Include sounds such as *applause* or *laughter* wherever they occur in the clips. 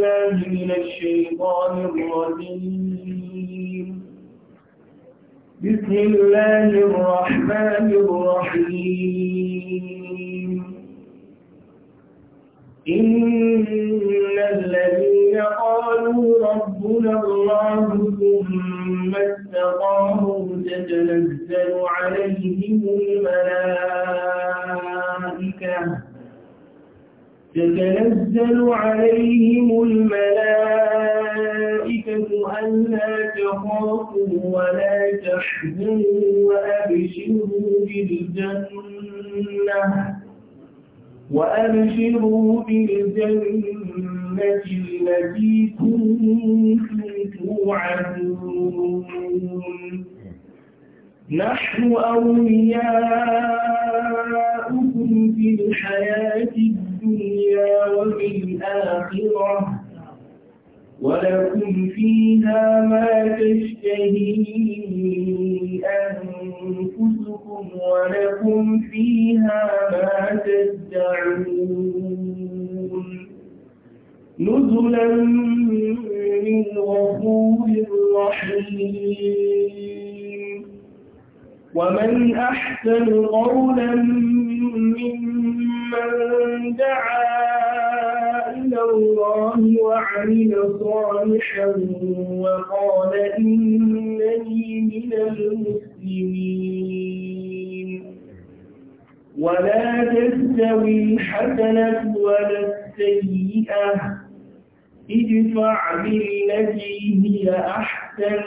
بالله من الشيطان الرجيم بسم الله الرحمن الرحيم إن الذين قالوا ربنا الله ثم استقاموا تتنزل عليهم الملائكة تتنزل عليهم الملائكة ألا تخافوا ولا تحزنوا وأبشروا بالجنة وأبشروا بالجنة التي كنتم توعدون نحن أولياؤكم في الحياة الدنيا الدنيا وفي الآخرة ولكم فيها ما تشتهي أنفسكم ولكم فيها ما تدعون نزلا من غفور رحيم ومن أحسن قولا ممن دعا إلى الله وعمل صالحا وقال إنني من المسلمين ولا تستوي الحسنة ولا السيئة ادفع بالتي هي أحسن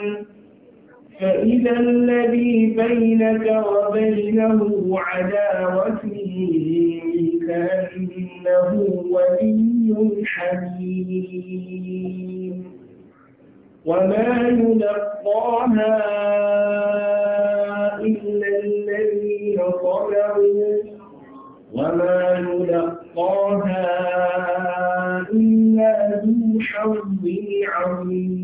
فإذا الذي بينك وبينه عداوة كأنه ولي حميم وما يلقاها إلا الذين صبروا وما يلقاها إلا ذو حظ عظيم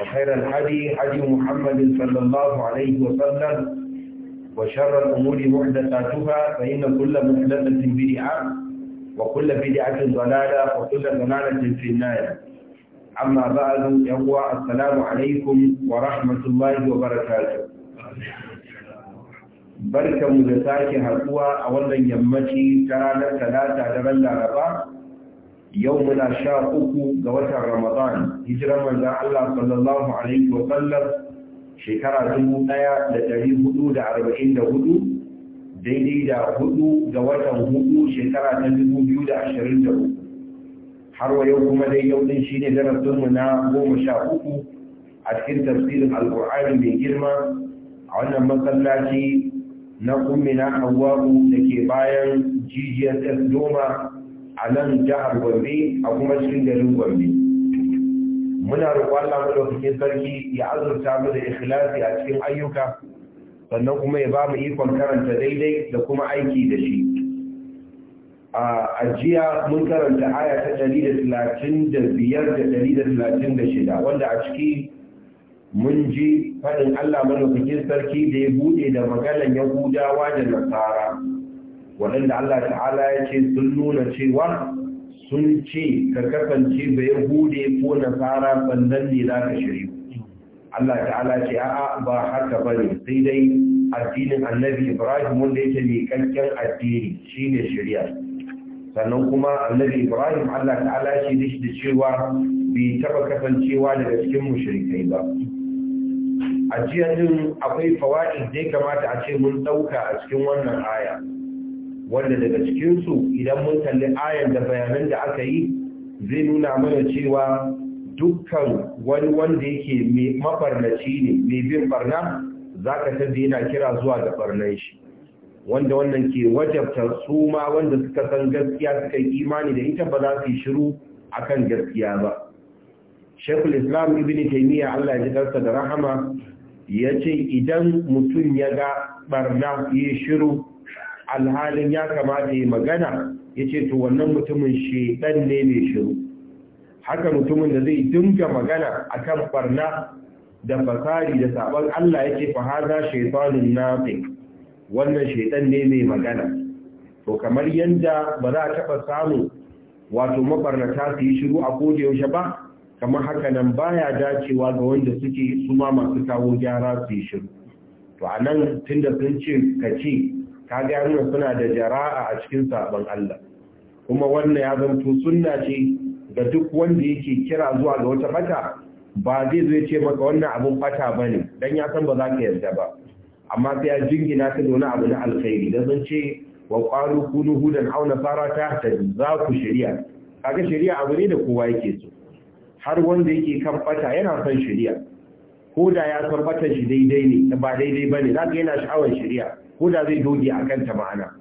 وخير الهدي هدي محمد صلى الله عليه وسلم وشر الأمور محدثاتها فإن كل محدثة بدعة وكل بدعة ضلالة وكل ضلالة في النار أما بعد يقوى السلام عليكم ورحمة الله وبركاته barkanmu da sake haɗuwa a wannan yammaci ta ranar talata da ran laraba yau muna sha uku ga watan Ramadan hijirar manzan Allah sallallahu Alaihi wasallam shekara 1444 daidai da hudu ga watan hudu shekara ta 2023 har wa yau kuma dai yau din shine darasinmu na goma sha uku a cikin tafsirin alkur'ani mai girma a wannan masallaci na kummina hawa'u da ke bayan ggss doma a nan jihar Gombe a kuma cikin garin Gombe. Muna roƙon Allah madaukakin sarki ya azurta mu da ikhlasi a cikin ayyuka sannan kuma ya ba mu ikon karanta daidai da kuma aiki da shi. A jiya mun karanta aya ta 135 da 136 wanda a ciki mun ji faɗin Allah madaukakin sarki da ya buɗe da maganan Yahudawa da Nasara. waɗanda Allah ta'ala ya ce sun nuna cewa sun ce ka kasance da ya hude ko nasara sannan ne za ka shiryu Allah ta'ala ce a'a ba haka ba ne sai dai addinin annabi ibrahim wanda yake miƙaƙƙen addini shine shirya sannan kuma annabi ibrahim Allah ta'ala ce da cewa bai taɓa kasancewa daga cikin mushrikai ba a jiya din akwai fawaid da ya kamata a ce mun ɗauka a cikin wannan aya wanda daga cikinsu idan mun kalli ayan da bayanan da aka yi zai nuna mana cewa dukkan wani wanda yake mafarnaci ne mai bin barna za ka tabi yana kira zuwa da barnan shi wanda wannan ke wajabta su ma wanda suka san gaskiya suka yi imani da ita ba za su yi shiru akan gaskiya ba shekul islam ibn taimiyya allah ya ji da rahama ya ce idan mutum ya ga barna ya shiru alhalin ya kamata yi magana ya ce to wannan mutumin shi dan ne mai shiru haka mutumin da zai dinga magana a kan barna da fasari da sabon Allah ya ce fahaza shaitanun nafi wannan shaitan ne mai magana to kamar yadda ba za a taɓa samu wato mabarnata su yi shiru a koda yaushe ba kamar haka nan baya dacewa ga wanda suke su ma masu kawo gyara su yi shiru to a nan tunda sun ce ka ce kaga yana suna da jara'a a cikin sabon Allah kuma wannan ya zanto sunna ce ga duk wanda yake kira zuwa ga wata fata ba zai zo ya ce maka wannan abun fata bane dan ya san ba za ka yarda ba amma sai ya jingina ta da abu na alkhairi dan zan ce wa qalu kunu hudan aw nasara ta za ku shari'a kaga shari'a abu ne da kowa yake so har wanda yake kan fata yana son shari'a ko da ya san shi daidai ne ba daidai ba ne za ka yana sha'awar shari'a ko da zai doge a ta ma'ana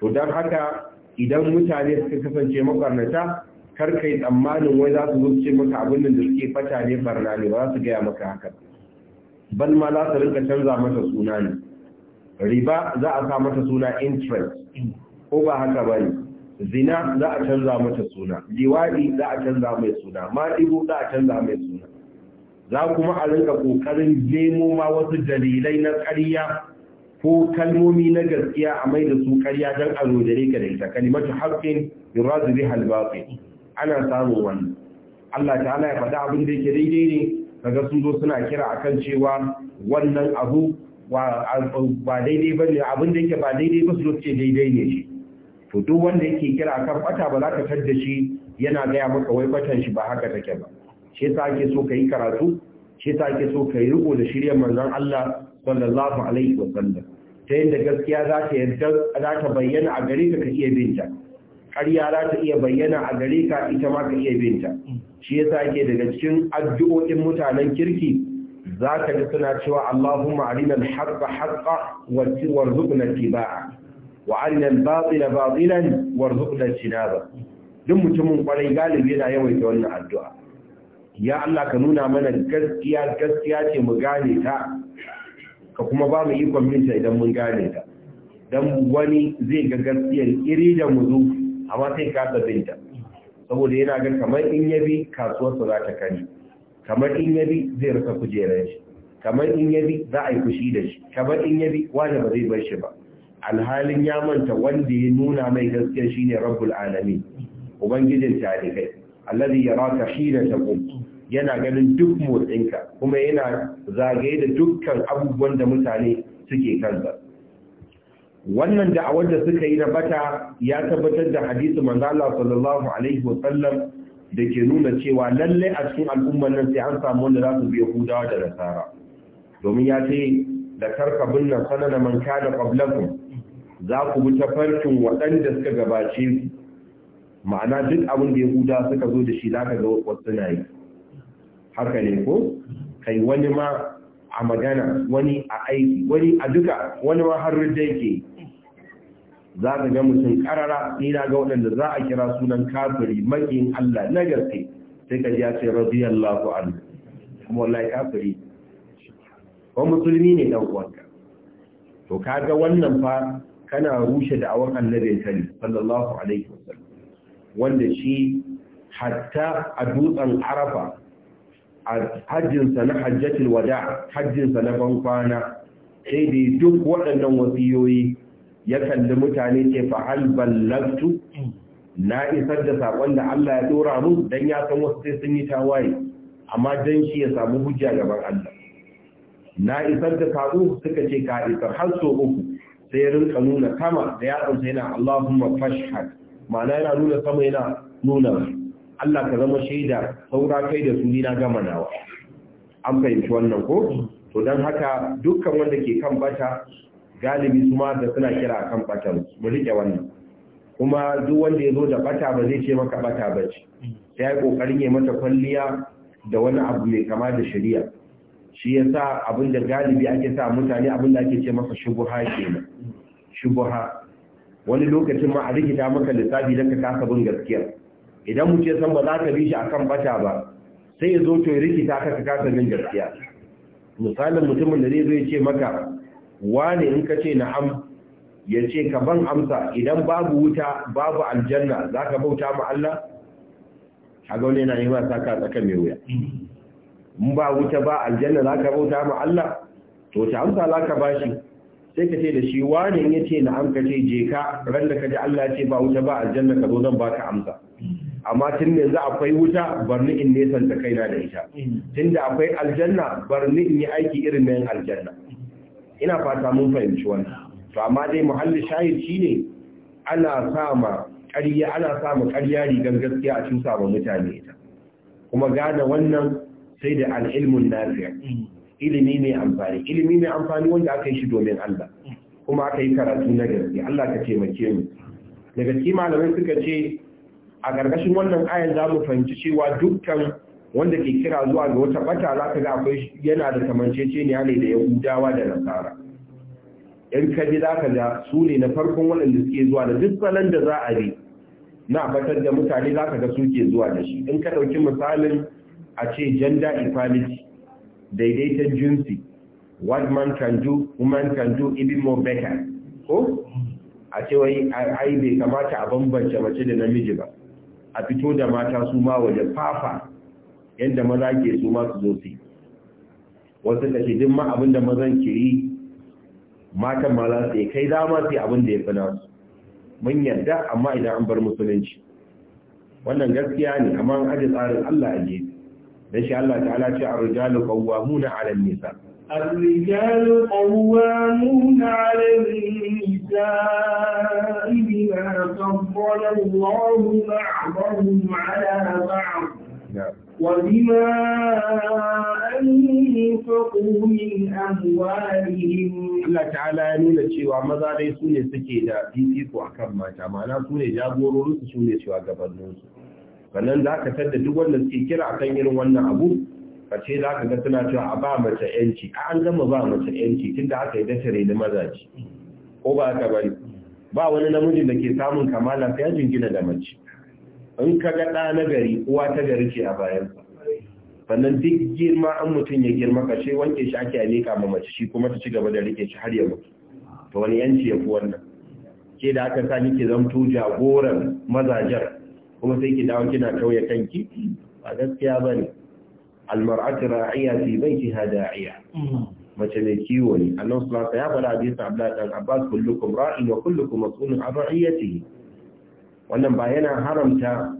to don haka idan mutane suka kasance makwarnata kar kai tsammanin wai za su zo maka abin da suke fata ne barna ne ba su gaya maka haka ban ma za su rinka canza masa suna ne riba za a sa mata suna interest ko ba haka ba ne zina za a canza mata suna liwaɗi za a canza mai suna maɗigo za a canza mai suna za kuma a rinka ƙoƙarin nemo ma wasu dalilai na ƙarya ko kalmomi na gaskiya a mai da su ƙarya don a rodare ka da ita kalimatu haƙƙin yurazu bi halbaƙi ana samu wannan Allah ta'ala ya faɗa abin da yake daidai ne kaga sun zo suna kira akan cewa wannan abu ba daidai ba ne abin da yake ba daidai ba su zo ce daidai ne shi to duk wanda yake kira akan bata ba za ka tadda shi yana gaya maka wai batan shi ba haka take ba shi yasa ake so yi karatu shi yasa ake so kai riko da shirya manzon Allah sallallahu alaihi wa sallam ta yadda gaskiya za ta bayyana a gare ka ka iya binta ƙarya za ta iya bayyana a gare ka ita ma ka iya binta shi yasa ake daga cikin addu'o'in mutanen kirki za ka ga suna cewa Allahumma arina al-haqqa haqqa warzuqna ittiba'a wa arina al-batila batilan warzuqna ijtinaba duk mutumin kwarai galibi yana yawaita wannan addu'a ya Allah ka nuna mana gaskiya gaskiya ce mu gane ta ka kuma ba mu ikon minta idan mun gane ta dan wani zai ga gaskiyar iri da muzu amma sai ka binta saboda yana ga kamar in yabi kasuwar su za ta kani kamar in yabi zai rasa kujerar shi kamar in yabi za a yi kushi da shi kamar in yabi wani ba zai bar shi ba alhalin ya manta wanda ya nuna mai gaskiya shine rabbul alamin ubangijin talibai allazi yaraka hina taqum yana ganin duk motsinka kuma yana zagaye da dukkan abubuwan da mutane suke kansa wannan da'awar da suka yi na bata ya tabbatar da hadisi manzo Allah sallallahu alaihi wasallam da ke nuna cewa lalle a cikin al'ummar nan sai an samu wanda za su biya hudawa da nasara domin ya ce da karkabin nan sanana man kana qablakum za ku bi farkin waɗanda suka gabace ma'ana duk abin da yahuda suka zo da shi zaka ga wasu na yi haka ne ko kai wani ma a magana wani a aiki wani a duka wani ma har rujja yake za ka ga mutum karara ni na ga waɗanda za a kira sunan kafiri makin Allah na gaske sai ka ji ya ce radiyallahu anhu kuma wallahi kafiri ko musulmi ne dan uwanka to kaga wannan fa kana rushe da awan annabin kani sallallahu alaihi wasallam wanda shi hatta a dutsen arafa hajjinsa na hajjatul wada hajjinsa na bankwana sai da duk waɗannan wasiyoyi ya kalli mutane ce fa hal ballagtu na isar da sakon da Allah ya dora mu dan ya san wasu sai sun yi tawaye amma dan shi ya samu hujja gaban Allah na isar da sako suka ce ka isar har so uku sai rinka nuna kama da ya dauke yana Allahumma fashhad ma'ana yana nuna sama yana nuna Allah ka zama shaida saura kai da su na gama nawa an fahimci wannan ko to dan haka dukkan wanda ke kan bata galibi su ma da suna kira kan bata mu rike wannan kuma duk wanda ya zo da bata ba zai ce maka bata ba ce sai ya kokarin ya mata kwalliya da wani abu mai kama da shari'a shi ya sa abin da galibi ake sa mutane abin da ake ce maka shubuha kenan shubuha wani lokacin ma a rikita maka lissafi don ka kasa bin gaskiya idan mu ce san ba za ka bi shi akan bata ba sai ya zo to ya rikita ka ka kasa min gaskiya misalin mutumin da zai zo ya ce maka wane in ka ce na'am ya ce ka ban amsa idan babu wuta babu aljanna za ka bauta ma Allah haga wani yana nema sa ka tsaka mai wuya in ba wuta ba aljanna za ka bauta ma Allah to ta amsa za ka bashi sai ka ce da shi wane ya ce na'am ka ce je ka ran da ka ji Allah ce ba wuta ba aljanna ka zo zan baka amsa amma tun yanzu akwai wuta bar ni in ta kaina da ita mm. tun da akwai aljanna bar ni in yi aiki irin na yin aljanna ina fata mun fahimci wannan to amma dai muhalli shahid shine ana sa ma ƙarya ana sa ma ƙarya rigar gaskiya a cusa ma mutane ita kuma gane wannan sai da al'ilmun nafiya mm. ilimi mai amfani ilimi mai amfani wanda aka yi shi domin Allah mm. kuma aka yi karatu na gaskiya Allah ka taimake mu daga cikin malamai suka ce a ƙarƙashin wannan ayan za mu fahimci cewa dukkan wanda ke kira zuwa ga wata bata za ka ga akwai yana da kamanceceniya ne da yahudawa da nasara in ka ji za ka ga su ne na farkon waɗanda suke zuwa da duk salon da za a bi na batar da mutane za ka ga suke zuwa da shi in ka ɗauki misalin a ce gender equality daidaitan jinsi what man can do woman can do even more better ko a ce wai ai bai kamata a bambance mace da namiji ba a fito da mata su ma waje fafa yadda maza ke su ma su zo su wasu da ke ma abin da mazan ke yi matan ma za su yi kai dama su yi abin da ya fi nasu mun yarda amma idan an bar musulunci wannan gaskiya ne amma an aji tsarin Allah a gefe dan shi Allah ta'ala ce a rujalu kawuwa muna alal nisa ar nisa allah بما ya nuna cewa maza dai su ne suke da fifiko akan mata ma'ana su ne jagororinsu su ne cewa gabaninsu sannan za ka tadda duk wanda suke kira akan irin wannan abu ka ce za ka ga suna cewa a ba mace yanci a an gama ba mace yanci tunda aka yi dasare na mazaji ko ba ka bari ba wani namiji da ke samun kamala ta ya jingina da mace in ka ga ɗa na gari uwa ta gari ce a bayan sannan duk girma an mutum ya girma ka kashe wanke shi ake alika ma mace shi kuma ta ci gaba da rike shi har ya mutu to wani yanci ya fi wannan ke da aka sa kike zamto jagoran mazajar kuma sai ki dawo kina kauye kanki ba gaskiya bane almar'atu ra'iya fi baitiha da'iya mm. mace mai kiwo ne annabi sallallahu ya faɗa hadisin Abdullahi dan Abbas kullukum ra'in wa kullukum mas'ulun an ra'iyatihi wannan ba yana haramta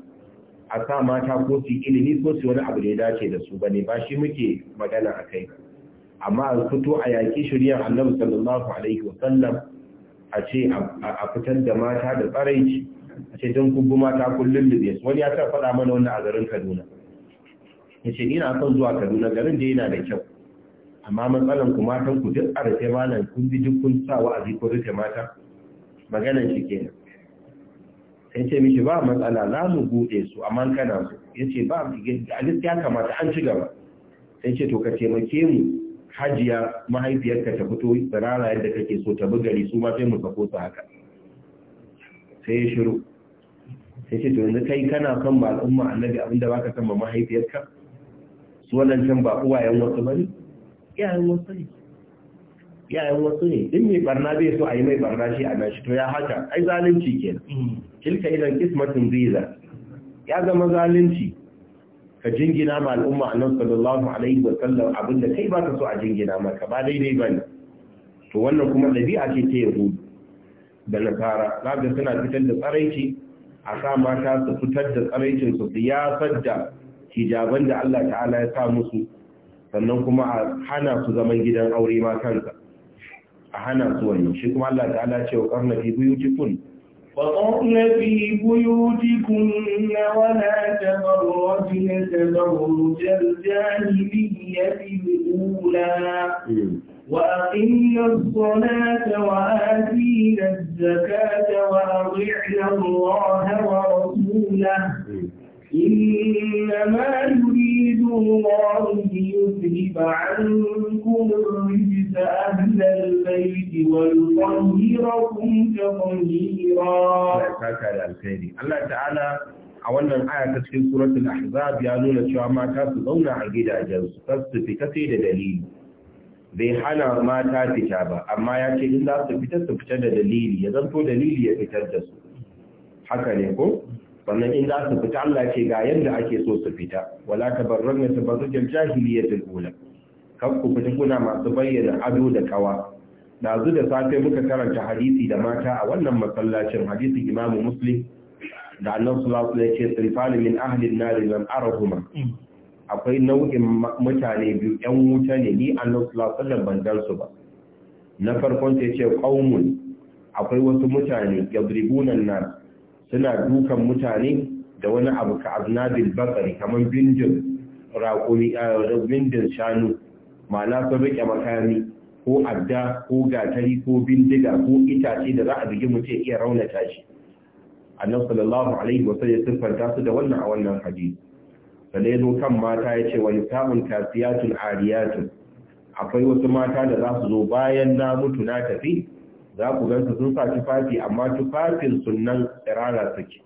a sa mata ko su ilimi ko su wani abu da ya dace da su bane ba shi muke magana a kai amma a fito a yaki shari'a annabi sallallahu alaihi wa sallam a ce a fitar da mata da tsaraici a ce don kubbu mata kullum da wani ya ta faɗa mana wannan a garin Kaduna ya ce ina son zuwa Kaduna garin da yana da kyau amma matsalan ku matan ku duk a rufe malam kun bi duk kun sa wa'azi ko rufe mata Maganar shi nan sai ce mishi ba matsala za mu buɗe su amma kana su ya ce ba a ya kamata an ci gaba sai ce to ka taimake mu hajiya mahaifiyarka ta fito tsirara yadda kake so ta bugari su ma sai mu sako su haka sai ya shiru sai ce to yanzu kai kana kan ba al'umma annabi abinda baka san ba mahaifiyarka su can ba uwayen wasu bane yayan wasu ne ɗin wasu ne mai barna zai so a yi mai barna shi a nashi to ya haka ai zalunci ke. kilka idan kismatin ziza ya zama zalunci ka jingina ma al'umma annabi sallallahu alaihi wa sallam abinda kai ba ka so a jingina maka ba daidai ba ne. to wannan kuma dabi'a ce ta yahudu da nasara zaka suna fitar da tsaraici a sa mata su fitar da tsaraicin su ya da hijaban da Allah ta'ala ya sa musu sannan kuma a hana su zaman gidan aure ma kansa a hana su wani, shi kuma Allah ta'ala ce wa karna fi buyutikum wa qarna fi buyutikum wa jarjani tabarrajna ya fi ula wa aqimna as ta wa atina az-zakata wa a rikin wa rasulahu إنما يريد الله ليذهب عنكم الرجس أهل البيت ويطهركم تطهيرا. الله تعالى a wannan aya ta cikin suratul ahzab ya nuna cewa mata su zauna a gidajensu kar su fita sai da dalili bai hana mata fita ba amma ya ce in za su fita su fita da dalili ya zanto dalili ya fitar da su haka ne ko sannan in za su fita Allah ce ga yadda ake so su fita wala barra na jahiliya ta ula kan ku fita kuna masu bayyana ado da kawa dazu da safe muka karanta hadisi da mata a wannan masallacin hadisi imamu muslim da annabi sallallahu alaihi wasallam ya ce sirfani min ahli an-nar lam arahuma akwai nau'in mutane biyu yan wuta ne ni annabi sallallahu alaihi wasallam ban su ba na farkon ce ce qaumun akwai wasu mutane yadribuna an-nar suna dukan mutane da wani abu ka aznabil bakari kamar bindin raƙumi eh, bindin shanu ma'ana sun rike makami ko adda ko gatari ko bindiga ko itace da za a bugi mutum iya raunata shi annabi sallallahu alaihi wa sallam siffanta su da wannan a wannan hadisi sai zo kan mata yace wa nisa'un tasiyatun ariyatun akwai wasu mata da za su zo bayan na mutu na tafi za ku gansu sun sa tufafi amma tufafin sunan tsirara suke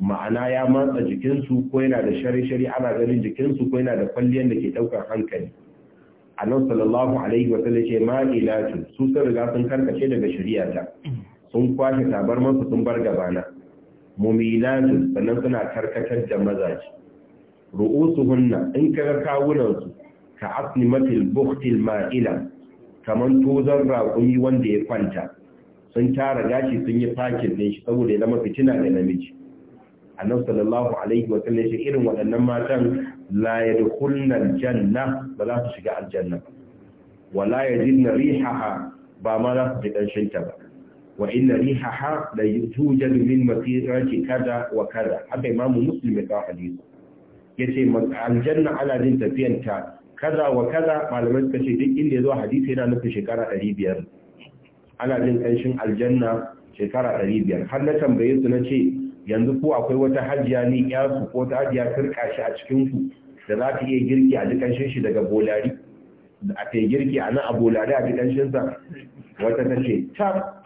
ma'ana ya matsa jikinsu ko yana da shari-shari ana ganin jikinsu ko yana da kwalliyar da ke ɗaukar hankali A nan, sallallahu alaihi wa sallam ce ilatu su sun riga sun karkace daga ta. sun kwashe masu sun bar gabana mumilatu sannan suna karkatar da mazaji hunna in ka ga kawunansu ka mafi buhtil ma'ila Kamar tozon raƙumi wanda ya kwanta sun tara gashi sun yi fakin ne shi saboda ya zama fitina ga namiji annabi sallallahu alaihi wa sallam shi irin waɗannan matan la yadkhulna aljanna ba za su shiga aljanna wa la yajidna rihaha ba ma za su ji ƙanshin ta ba wa inna rihaha la yujad min masirati kada wa kada haka imamu muslim ya kawo hadisi yace aljanna ana jin tafiyanta kada wa kada malamai suka ce duk inda ya zo hadisi yana nufin shekara 500 ana jin ƙanshin aljanna shekara ɗari har na tambaye su na ce yanzu ko akwai wata hajiya ya su ko ta hajiya turka shi a cikin ku da za ta iya girki a ji shi daga bolari a ta girki a nan a bolari a ji ƙanshin sa wata ta ce ta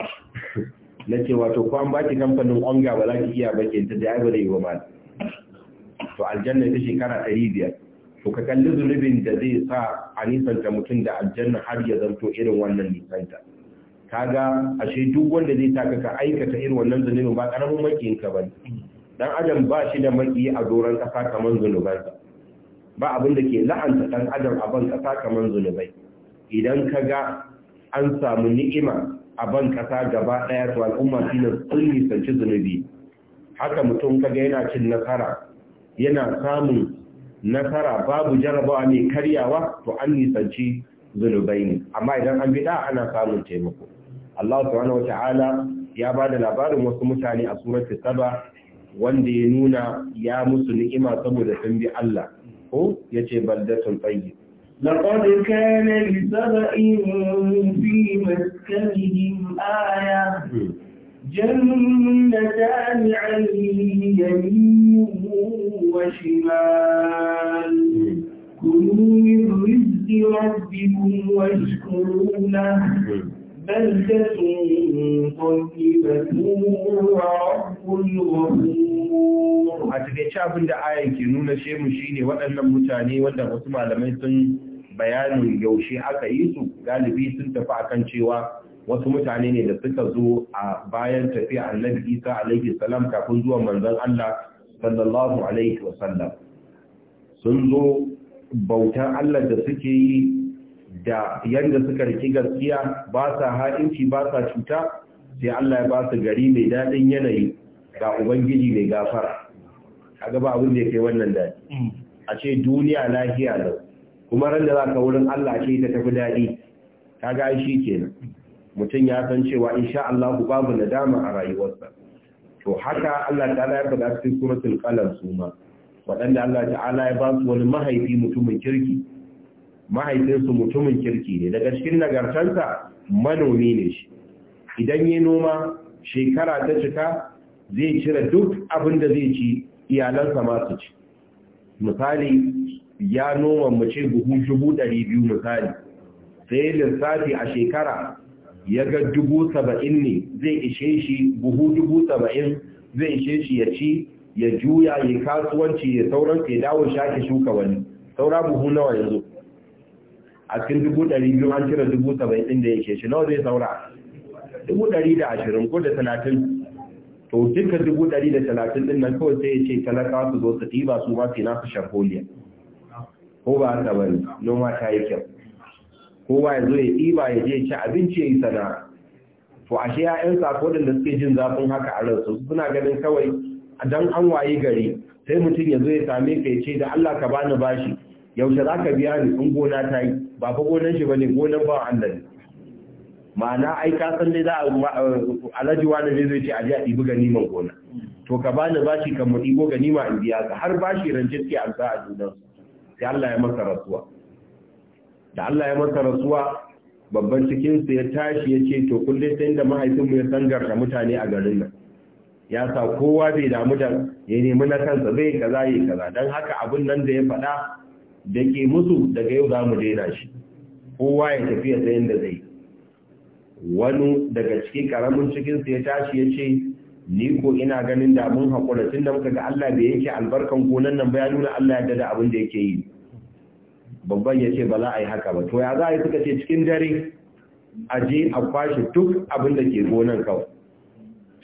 na ce wato ko an baki kamfanin onga ba za ki iya ba ta da ba da yi wa to aljanna ta shekara ɗari biyar to ka kalli zunubin da zai sa a nisanta mutum da aljanna har ya zanto irin wannan nisanta kaga ashe duk wanda zai taka ka aikata irin wannan zunubin ba karamin makiyin ka bane dan adam ba shi da maki a doron kasa kaman zunubansa ba abin da ke la'anta dan adam a ban kasa kaman zunubai idan kaga an samu ni'ima a ban kasa gaba daya to al'umma shi sun nisanci zunubi haka mutum kaga yana cin nasara yana samun nasara babu jarabawa mai karyawa to an nisanci zunubai ne amma idan an bi da ana samun taimako Allah subhanahu wata'ala ya ba da labarin wasu mutane a suratul saba wanda ya nuna ya musu ni'ima saboda sun bi Allah ko yace baldatun tayyib لقد كان لسبأ في مسكنهم آية جنتان عن يمين وشمال كلوا من رزق ربكم واشكروا له a takaice abin da ayan ke nuna ce mu ne waɗannan mutane wanda wasu malamai sun bayanin yaushe aka yi su galibi sun tafi akan cewa wasu mutane ne da suka zo a bayan tafiya annabi isa alaihi salam kafin zuwa manzon Allah sallallahu alaihi wasallam sun zo bautan Allah da suke yi da yadda suka riki gaskiya ba sa ha'inci ba sa cuta sai Allah ya ba su gari mai daɗin yanayi ga Ubangiji mai gafara a gaba abin da ya kai wannan daɗi mm. a ce duniya lafiya lau kuma ran da za ka wurin Allah ce ta tafi daɗi ta ga shi kenan mutum ya san cewa insha Allah babu nadama a rayuwarsa to haka Allah ta'ala ya faɗa cikin suratul qalam suma waɗanda Allah ta'ala ya ba su wani mahaifi mutumin kirki mahaifinsu mutumin kirki ne daga cikin nagartansa manomi ne shi idan ya noma shekara ta cika zai cire duk abin da zai ci iyalansa masu ci misali ya noma mace buhu dubu ɗari biyu misali sai lissafi a shekara ya ga dubu saba'in ne zai ishe shi buhu dubu saba'in zai ishe shi ya ci ya juya ya kasuwanci ya sauran ya dawo shake shuka wani saura buhu nawa yanzu a cikin dubu ɗari biyu an cire dubu saba'in da yake shi nawa zai saura dubu ɗari da ashirin ko da talatin to duka dubu ɗari da talatin ɗin nan kawai sai ya ce talaka su zo su ɗiba su ma fina su sharholiya ko ba haka ba ne noma ta yi kyau kowa ya zo ya ɗiba ya je ci abinci ya yi sana'a to ashe ya'yan sako da suke jin zafin haka a ransu suna ganin kawai dan an waye gari sai mutum ya zo ya same ka ya ce da Allah ka bani bashi yaushe za ka biya ni in gona ta yi ba fa gonan shi bane gonan ba Allah ne ma'ana ai ka san dai za a alaji wani ne zai ce a ji a ɗibi ganiman gona to ka bani bashi ka mu ɗibo ganima in biya ka har bashi rance an amsa a junan sai Allah ya masa rasuwa da Allah ya masa rasuwa babban cikinsu ya tashi ya ce to kullum sai da mahaifinmu ya sangarta mutane a garin nan ya sa kowa bai damu da ya nemi na kansa zai kaza yi kaza dan haka abin nan da ya faɗa da ke musu daga yau za mu daina shi kowa ya tafi tafiya tsayin da zai wani daga cikin karamin cikinsa ya tashi ya ce ni ko ina ganin da mun haƙura tun da muka ga Allah bai yake albarkan gonan nan ba ya nuna Allah yadda da abin da yake yi babban ya ce ba za a yi haka ba to ya za a yi suka ce cikin dare a je a kwashe duk abin da ke gonan kawai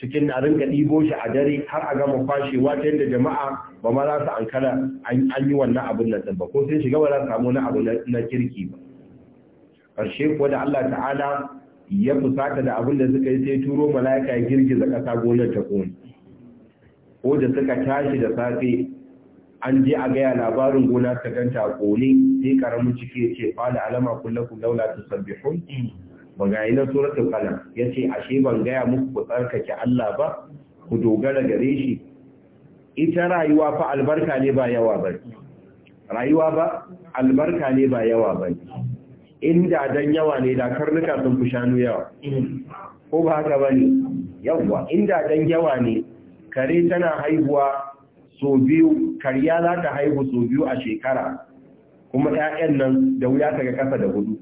cikin na rinka ɗibo shi a dare har a gama kwashewa ta yadda jama'a ba ma za su ankara an yi wannan abin nan ba ko sun shiga ba za samu wani abu na kirki ba ƙarshe kuwa da Allah ta'ala ya fusata da abin da suka yi sai turo mala'ika ya girgiza ƙasa gonar ta kone ko da suka tashi da safe an je a gaya labarin gona ta ganta kone sai ƙaramin ciki ya ce fala alama kullakum laula tusabbihun mm. ba ga yi na suratul qalam yace ashe ban gaya muku ku tsarkake Allah ba ku dogara gare shi ita rayuwa fa albarka ne ba yawa ba rayuwa ba albarka ne ba yawa ba inda dan yawa ne da karnuka sun fi shanu yawa ko ba haka bane yawa inda dan yawa ne kare tana haihuwa so biyu karya za ta haihu so biyu a shekara kuma 'ya'yan nan da wuya ta ga kasa da hudu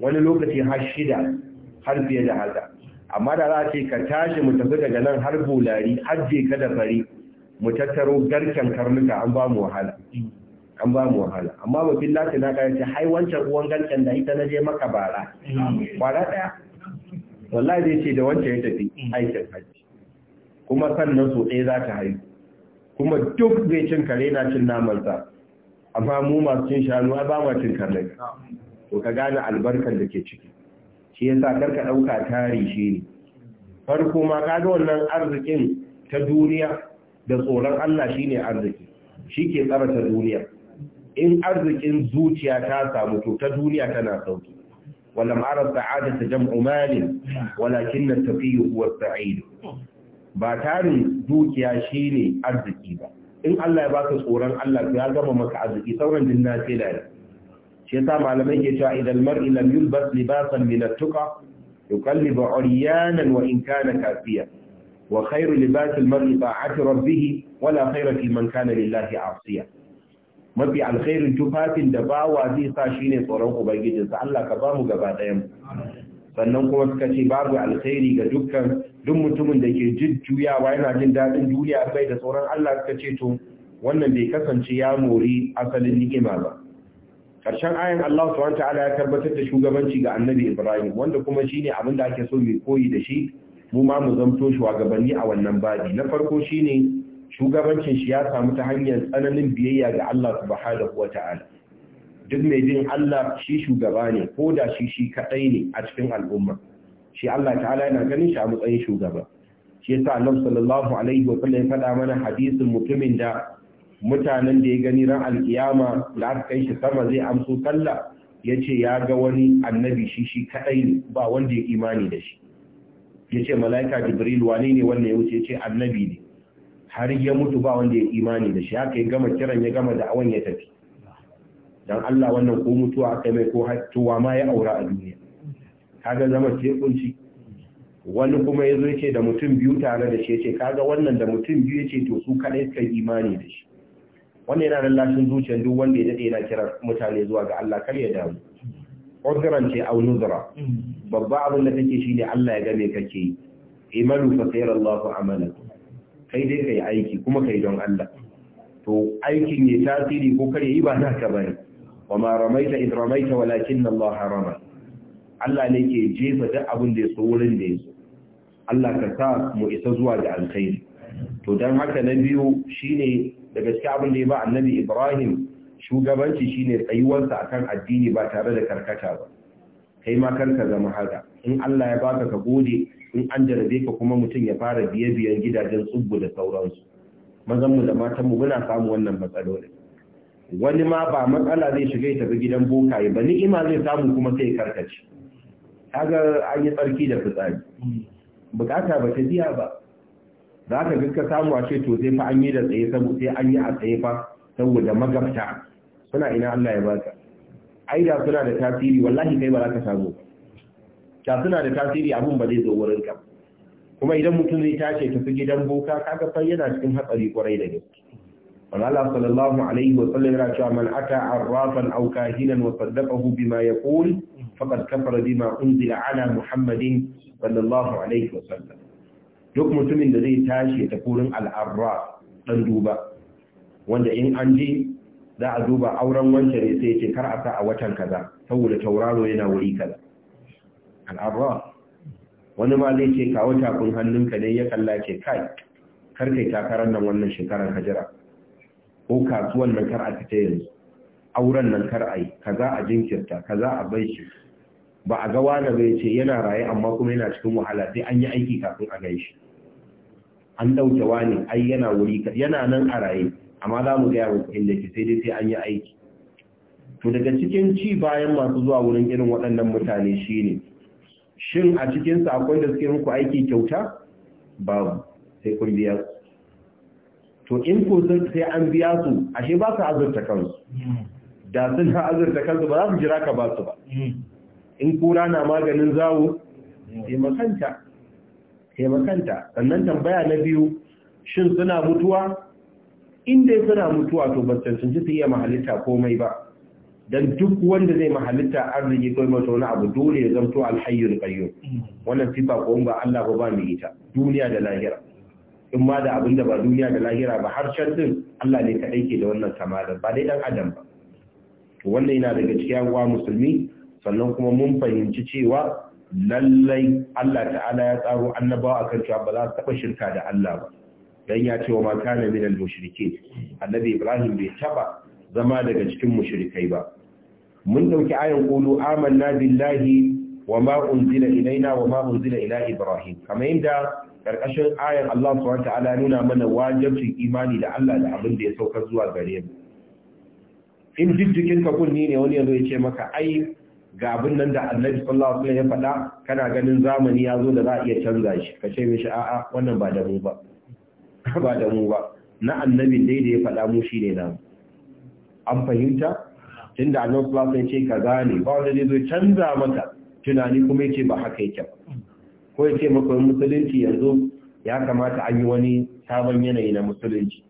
wani lokaci har shida har fiye da haka amma da za a ce ka tashi mu tafi daga nan har bulari har je ka da fari mu tattaro garken karnuka an ba mu wahala an ba mu wahala amma babin lati na kai ce hai wancan uwan garken da ita na je maka bara Bara daya wallahi zai ce da wancan ya tafi aikin hajji kuma sannan so ɗaya za ta haihu kuma duk zai cin kare na cin namansa sa amma mu masu cin shanu ai ba mu cin karnuka to ka gane albarkar da ke ciki shi yasa karka ɗauka tari shi ne farko ma kaga wannan arzikin ta duniya da tsoron Allah shine arziki shi ke tsara ta duniya in arzikin zuciya ta samu to ta duniya tana sauki wala ma'arar sa'ada ta jam'u malin walakin na tafiye huwa sa'idu ba tarin dukiya shine arziki ba in Allah ya baka tsoron Allah to ya gama maka arziki sauran jinna sai da shi yasa malamai ke cewa idan mar'i lam yulbas libasan min at-tuqa yuqallibu uryanan wa in kana kafiya wa khayru libas al-mar'i ta'ati rabbih wa la khayra fi man kana lillahi mafi alkhairin tufafin da bawa zai sa shine tsoron sa Allah ka bamu gaba ɗayan sannan kuma suka ce babu alkhairi ga dukkan duk mutumin da ke jujjuyawa yana jin daɗin duniya bai da sauran Allah suka ce to wannan bai kasance ya mori asalin ni'ima ba karshen ayan Allah subhanahu ta'ala ya tabbatar da shugabanci ga Annabi Ibrahim wanda kuma shine abin da ake so mu koyi da shi mu ma mu zamto shugabanni a wannan babi na farko shine shugabancin shi ya samu ta hanyar tsananin biyayya ga Allah subhanahu ta'ala. duk mai jin Allah shi shugaba ne ko da shi shi kadai ne a cikin al'umma shi Allah ta'ala yana ganin shi a matsayin shugaba shi yasa Annabi sallallahu alaihi wa sallam ya faɗa mana hadisin mutumin da mutanen da ya gani ran alkiyama da aka kai shi sama zai amso talla. ya ce ya ga wani annabi shi shi kadai ba wanda ya imani da shi ya ce mala'ika jibril wane ne wannan ya wuce ce annabi ne har ya mutu ba wanda ya imani da shi haka ya gama kiran ya gama da awon ya tafi don Allah wannan ko mutuwa aka mai ko hatuwa ma ya aura a duniya kaga zama ce kunci wani kuma ya zo ce da mutum biyu tare da shi ya ce kaga wannan da mutum biyu ya ce to su kadai suka imani da shi wannan yana lallashin zuciyar duk wanda ya dade yana kiran mutane zuwa ga Allah kar ya damu udran ce au nuzra babba abin da kake shi ne Allah ya ga me kake yi imalu fa sayara Allah amalakum kai dai kai aiki kuma kai don Allah to aikin ya tasiri ko ya yi ba naka bari wa ma ramaita id ramaita walakin Allah harama Allah ne ke jefa duk abin da ya so wurin da ya so Allah ka sa mu isa zuwa ga alkhairi to dan haka na biyu shine daga cikin abin da ya ba annabi Ibrahim shugabanci shine tsayuwarsa akan addini ba tare da karkata ba kai ma karka zama haka in Allah ya baka ka gode in an jarabe ka kuma mutum ya fara biye biyan gidajen tsubbu da sauransu mazan mu da matan mu muna samu wannan matsalolin wani ma ba matsala zai shiga ya tafi gidan bokaye ba ni'ima zai samu kuma sai karkace kaga an yi tsarki da fitsari bukata ba ta biya ba za ka gaska samu a ce to sai fa an yi da tsaye saboda sai an yi a tsaye fa saboda magabta suna ina Allah ya baka ai da suna da tasiri wallahi kai ba za ka samu da suna da tasiri abun ba zai zo wurin ka kuma idan mutum zai tace tafi gidan boka kaga fa yana cikin hatsari kwarai da gaske Allah sallallahu alaihi wa sallam yana cewa man ata arrafan aw kahinan wa saddaqahu bima yaqul faqad kafara bima unzila ala muhammadin sallallahu alaihi wa sallam duk mutumin da zai tashi ta kurin al'arra dan duba wanda in an ji za a duba auren wancan ne sai ce kar a sa a watan kaza saboda tauraro yana wuri kaza al'arra wani ma zai ce kawo kun hannunka ne ya kalla kai kar kai takarar nan wannan shekarar hajira ko kasuwan nan kar a fita yanzu auren nan kar a yi kaza a jinkirta kaza a bai ba a ga wani bai ce yana raye amma kuma yana cikin wahala sai an yi aiki kafin a gaishe an ɗauke ne ai yana wuri yana nan a raye amma za mu gaya wakil da ke sai dai sai an yi aiki to daga cikin ci bayan masu zuwa wurin irin waɗannan mutane shine shin a cikinsu akwai da suke muku aiki kyauta babu sai kun biya su to in ko sai an biya su ashe ba su azurta kansu da sun ha azurta kansu ba za su jira ka ba su ba mm. in kura na maganin zawo mm. sai makanta taimakanta sannan tambaya na biyu shin suna mutuwa inda suna mutuwa to ba cancanci su iya mahalitta komai ba dan duk wanda zai mahalitta arziki kai mai abu dole ya zamto alhayyul qayyum wannan sifa ko ba Allah ba ba mu ita duniya da lahira in ma da abinda ba duniya da lahira ba har can din Allah ne kadai ke da wannan kamalar ba dai dan adam ba to wannan yana daga cikin yawa musulmi sannan kuma mun fahimci cewa lallai Allah ta'ala ya tsaro annabawa akan cewa ba za su taba shirka da Allah ba dan ya ce wa ma kana min al-mushrikeen annabi Ibrahim bai taba zama daga cikin mushrikai ba mun dauki ayan qulu amanna billahi wa ma unzila ilaina wa ma unzila ila ibrahim kamar yadda karkashin ayan Allah subhanahu ta'ala nuna mana wajibin imani da Allah da abin da ya sauka zuwa gare mu in jijjikin ka kunni ne wani yanzu ya ce maka ai ga abin nan da annabi sallallahu alaihi ya faɗa kana ganin zamani ya zo da za a iya canza shi ka ce mishi a'a wannan ba da mu ba *laughs* ba da mu ba na Annabi dai da ya faɗa mu shi ne an fahimta tunda annabi sallallahu alaihi ya ce kaza ne ba wanda zai zo canza maka tunani kuma yace ba haka yake ba ko yace maka musulunci yanzu ya kamata an yi wani sabon yanayi na musulunci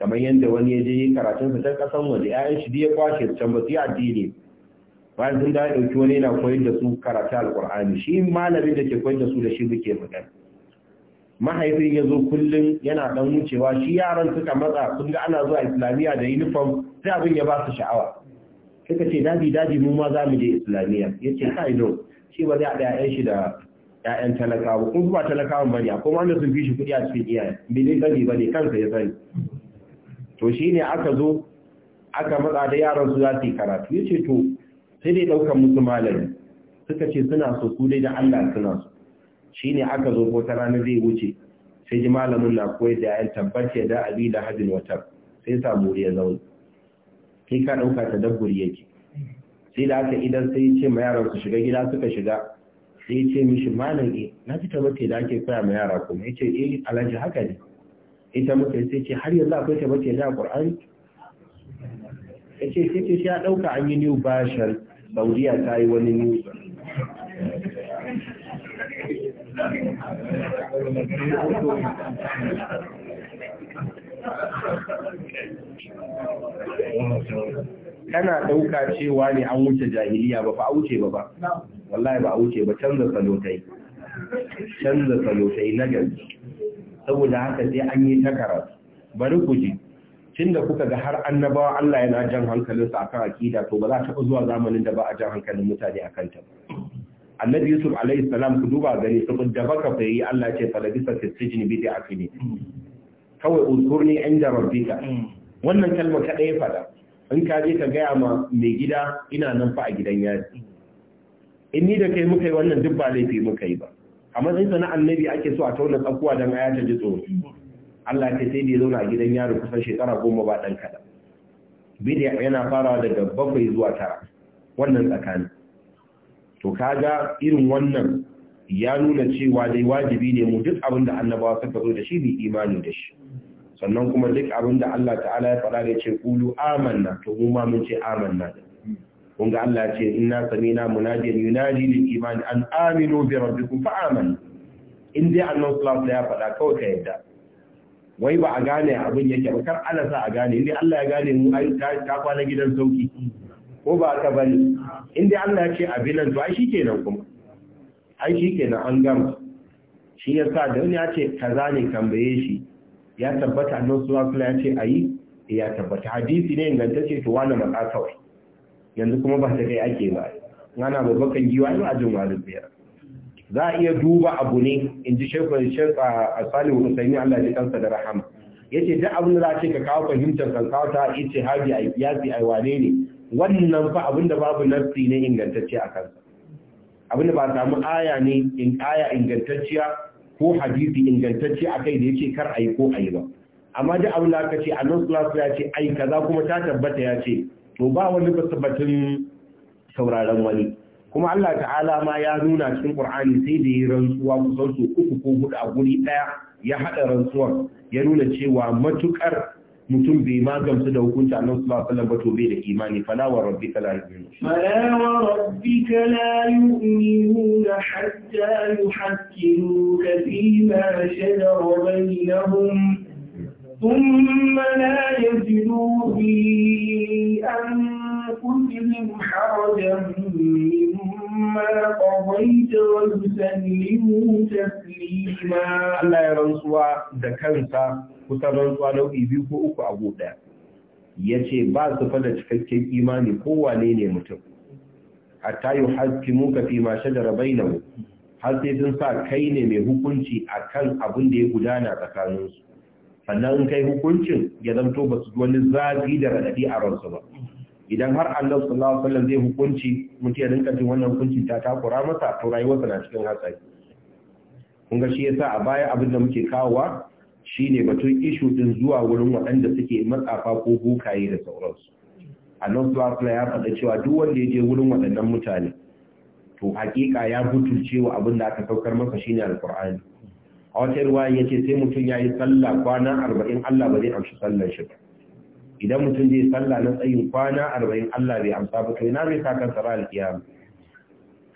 kamar yadda wani ya je karatunsa ta kasan waje 'ya'yan shi ya kwashe can ba su yi addini bayan sun da dauki wani yana koyar da su karatu alƙur'ani shi malamin da ke koyar da su da shi muke magana mahaifin ya zo kullum yana ɗan wucewa shi yaran suka matsa sun ga ana zuwa islamiyya da uniform sai abin ya ba su sha'awa suka ce daji daji mu ma za mu je islamiyya ya ce kai don shi ba zai haɗa 'ya'yan shi da 'ya'yan talakawa kun ba talakawan ba ne akwai wanda sun fi shi kuɗi a cikin iyaye bai ne sani ba ne kansa ya sani to shi ne aka zo aka matsa da yaran su za su yi karatu ya ce to sai dai ɗaukar musu malami suka ce suna so su dai da Allah suna so shine aka zo ko ta rana zai wuce sai ji malamin na koyar da yayin tabbace da abi da hadin wata sai sa muri ya zauna kai ka ɗauka ta dabburi yake sai da aka idan sai ce ma yaran su shiga gida suka shiga sai ya ce mishi malam eh na ji tabbace da ake koya ma yara kuma yace eh alhaji haka ne ita muka sai ce har yanzu akwai tabbace da Qur'ani yace sai ce shi ya ɗauka an yi new version saudiya ta yi wani nisa kana ɗauka cewa ne an wuce jahiliya ba fa a wuce ba ba wallahi ba a wuce ba canza salotai canza salotai na gari. saboda haka sai an yi takara bari ku ji tunda kuka ga har annabawa Allah yana jan hankalinsa akan akida to ba za ta zuwa zamanin da ba a jan hankalin mutane akan ba. annabi yusuf alaihi salam ku duba gani saboda baka yi Allah ce falabisa fi sijni bi ta'fini kawai uzkurni inda rabbika wannan kalma ta ya fada in ka je ka gaya ma mai gida ina nan fa a gidan yari in ni da kai muka yi wannan duk ba laifi muka yi ba a matsayin na annabi ake so a tauna tsakuwa don aya ta ji tsoro Allah ce sai da ya zauna a gidan yaro kusan shekara goma ba ɗan kaɗan bid'a yana farawa daga bakwai zuwa tara wannan tsakani to kaga irin wannan ya nuna cewa dai wajibi ne mu duk abin da annabawa suka zo da shi bi imani da shi sannan kuma duk abin da Allah ta'ala ya faɗa da ce kulu amanna to mu ma mun ce amanna kun ga Allah ce inna samina munadiyan yunadi lil imani an aminu bi rabbikum fa amanna in dai annabawa ya faɗa kawai ka yadda wai ba a gane abin yake ba kar ana sa a gane inda Allah ya gane mu ai ta kwana gidan sauki ko ba ka bane inda Allah ya ce abin nan to ai shikenan kuma ai shikenan an gama shi yasa da wani ya ce kaza ne tambaye shi ya tabbata annabi sallallahu kula ya ce yi? Eh, ya tabbata hadisi ne ce to wani maka kawai yanzu kuma ba ta kai ake ba ngana babakan giwa ina ajin walin biyar za a iya duba abu ne in ji shekwan shekwa a wani musaimi Allah ji kansa da rahama ya ce duk abin za a ce ka kawo fahimtar kan kawo ta ce haji a yasi a wane ne wannan fa abin da babu nafsi ne ingantacce a kansa abin da ba samu aya ne in aya ingantacciya ko hadisi ingantacce a kai da ya ce kar a yi ko a yi ba amma duk abin da aka ce a nan ya ce ai kaza kuma ta tabbata ya ce to ba wani batun sauraron wani kuma Allah ta'ala ma ya nuna cikin Qur'ani sai da yi rantsuwa kusan su uku ko hudu a guri daya ya hada rantsuwar ya nuna cewa matukar mutum bai ma gamsu da hukunci nan su ba ba to bai da imani fala wa rabbika la yu'minun fala wa rabbika la yu'minun hatta yuhaqqimuka fi ma shajara bainahum ثم لا يجدوا في كل حرجا مما قضيت ويسلموا تسليما الله يرنسوا دكانسا kusan rantsuwa nau'i biyu ko uku a guda ya ce ba su fada cikakken imani kowane ne mutum A yi haske muka fi ma shajara bainahu har sai sun sa kai ne mai hukunci a kan abin da ya gudana tsakaninsu sannan in kai hukuncin ya zamto ba su wani zafi da raɗaɗi a ransu ba idan har Allah sallallahu alaihi wasallam zai hukunci mutum ya jin wannan hukuncin ta takura masa to rayuwarsa na cikin hatsari kun ga shi yasa a baya abin da muke kawowa shine batun ishu din zuwa wurin waɗanda suke matsafa ko bukaye da sauransu Allah sallallahu alaihi ya faɗa cewa duk wanda ya je wurin waɗannan mutane to hakika ya butulce wa abin da aka saukar masa shine alqur'ani a wata ruwa yace sai mutum yi sallah kwana 40 Allah ba zai amshi sallar shi ba idan mutum zai sallah na tsayin kwana arba'in Allah bai amsa ba to ina zai sa kansa ba alkiyama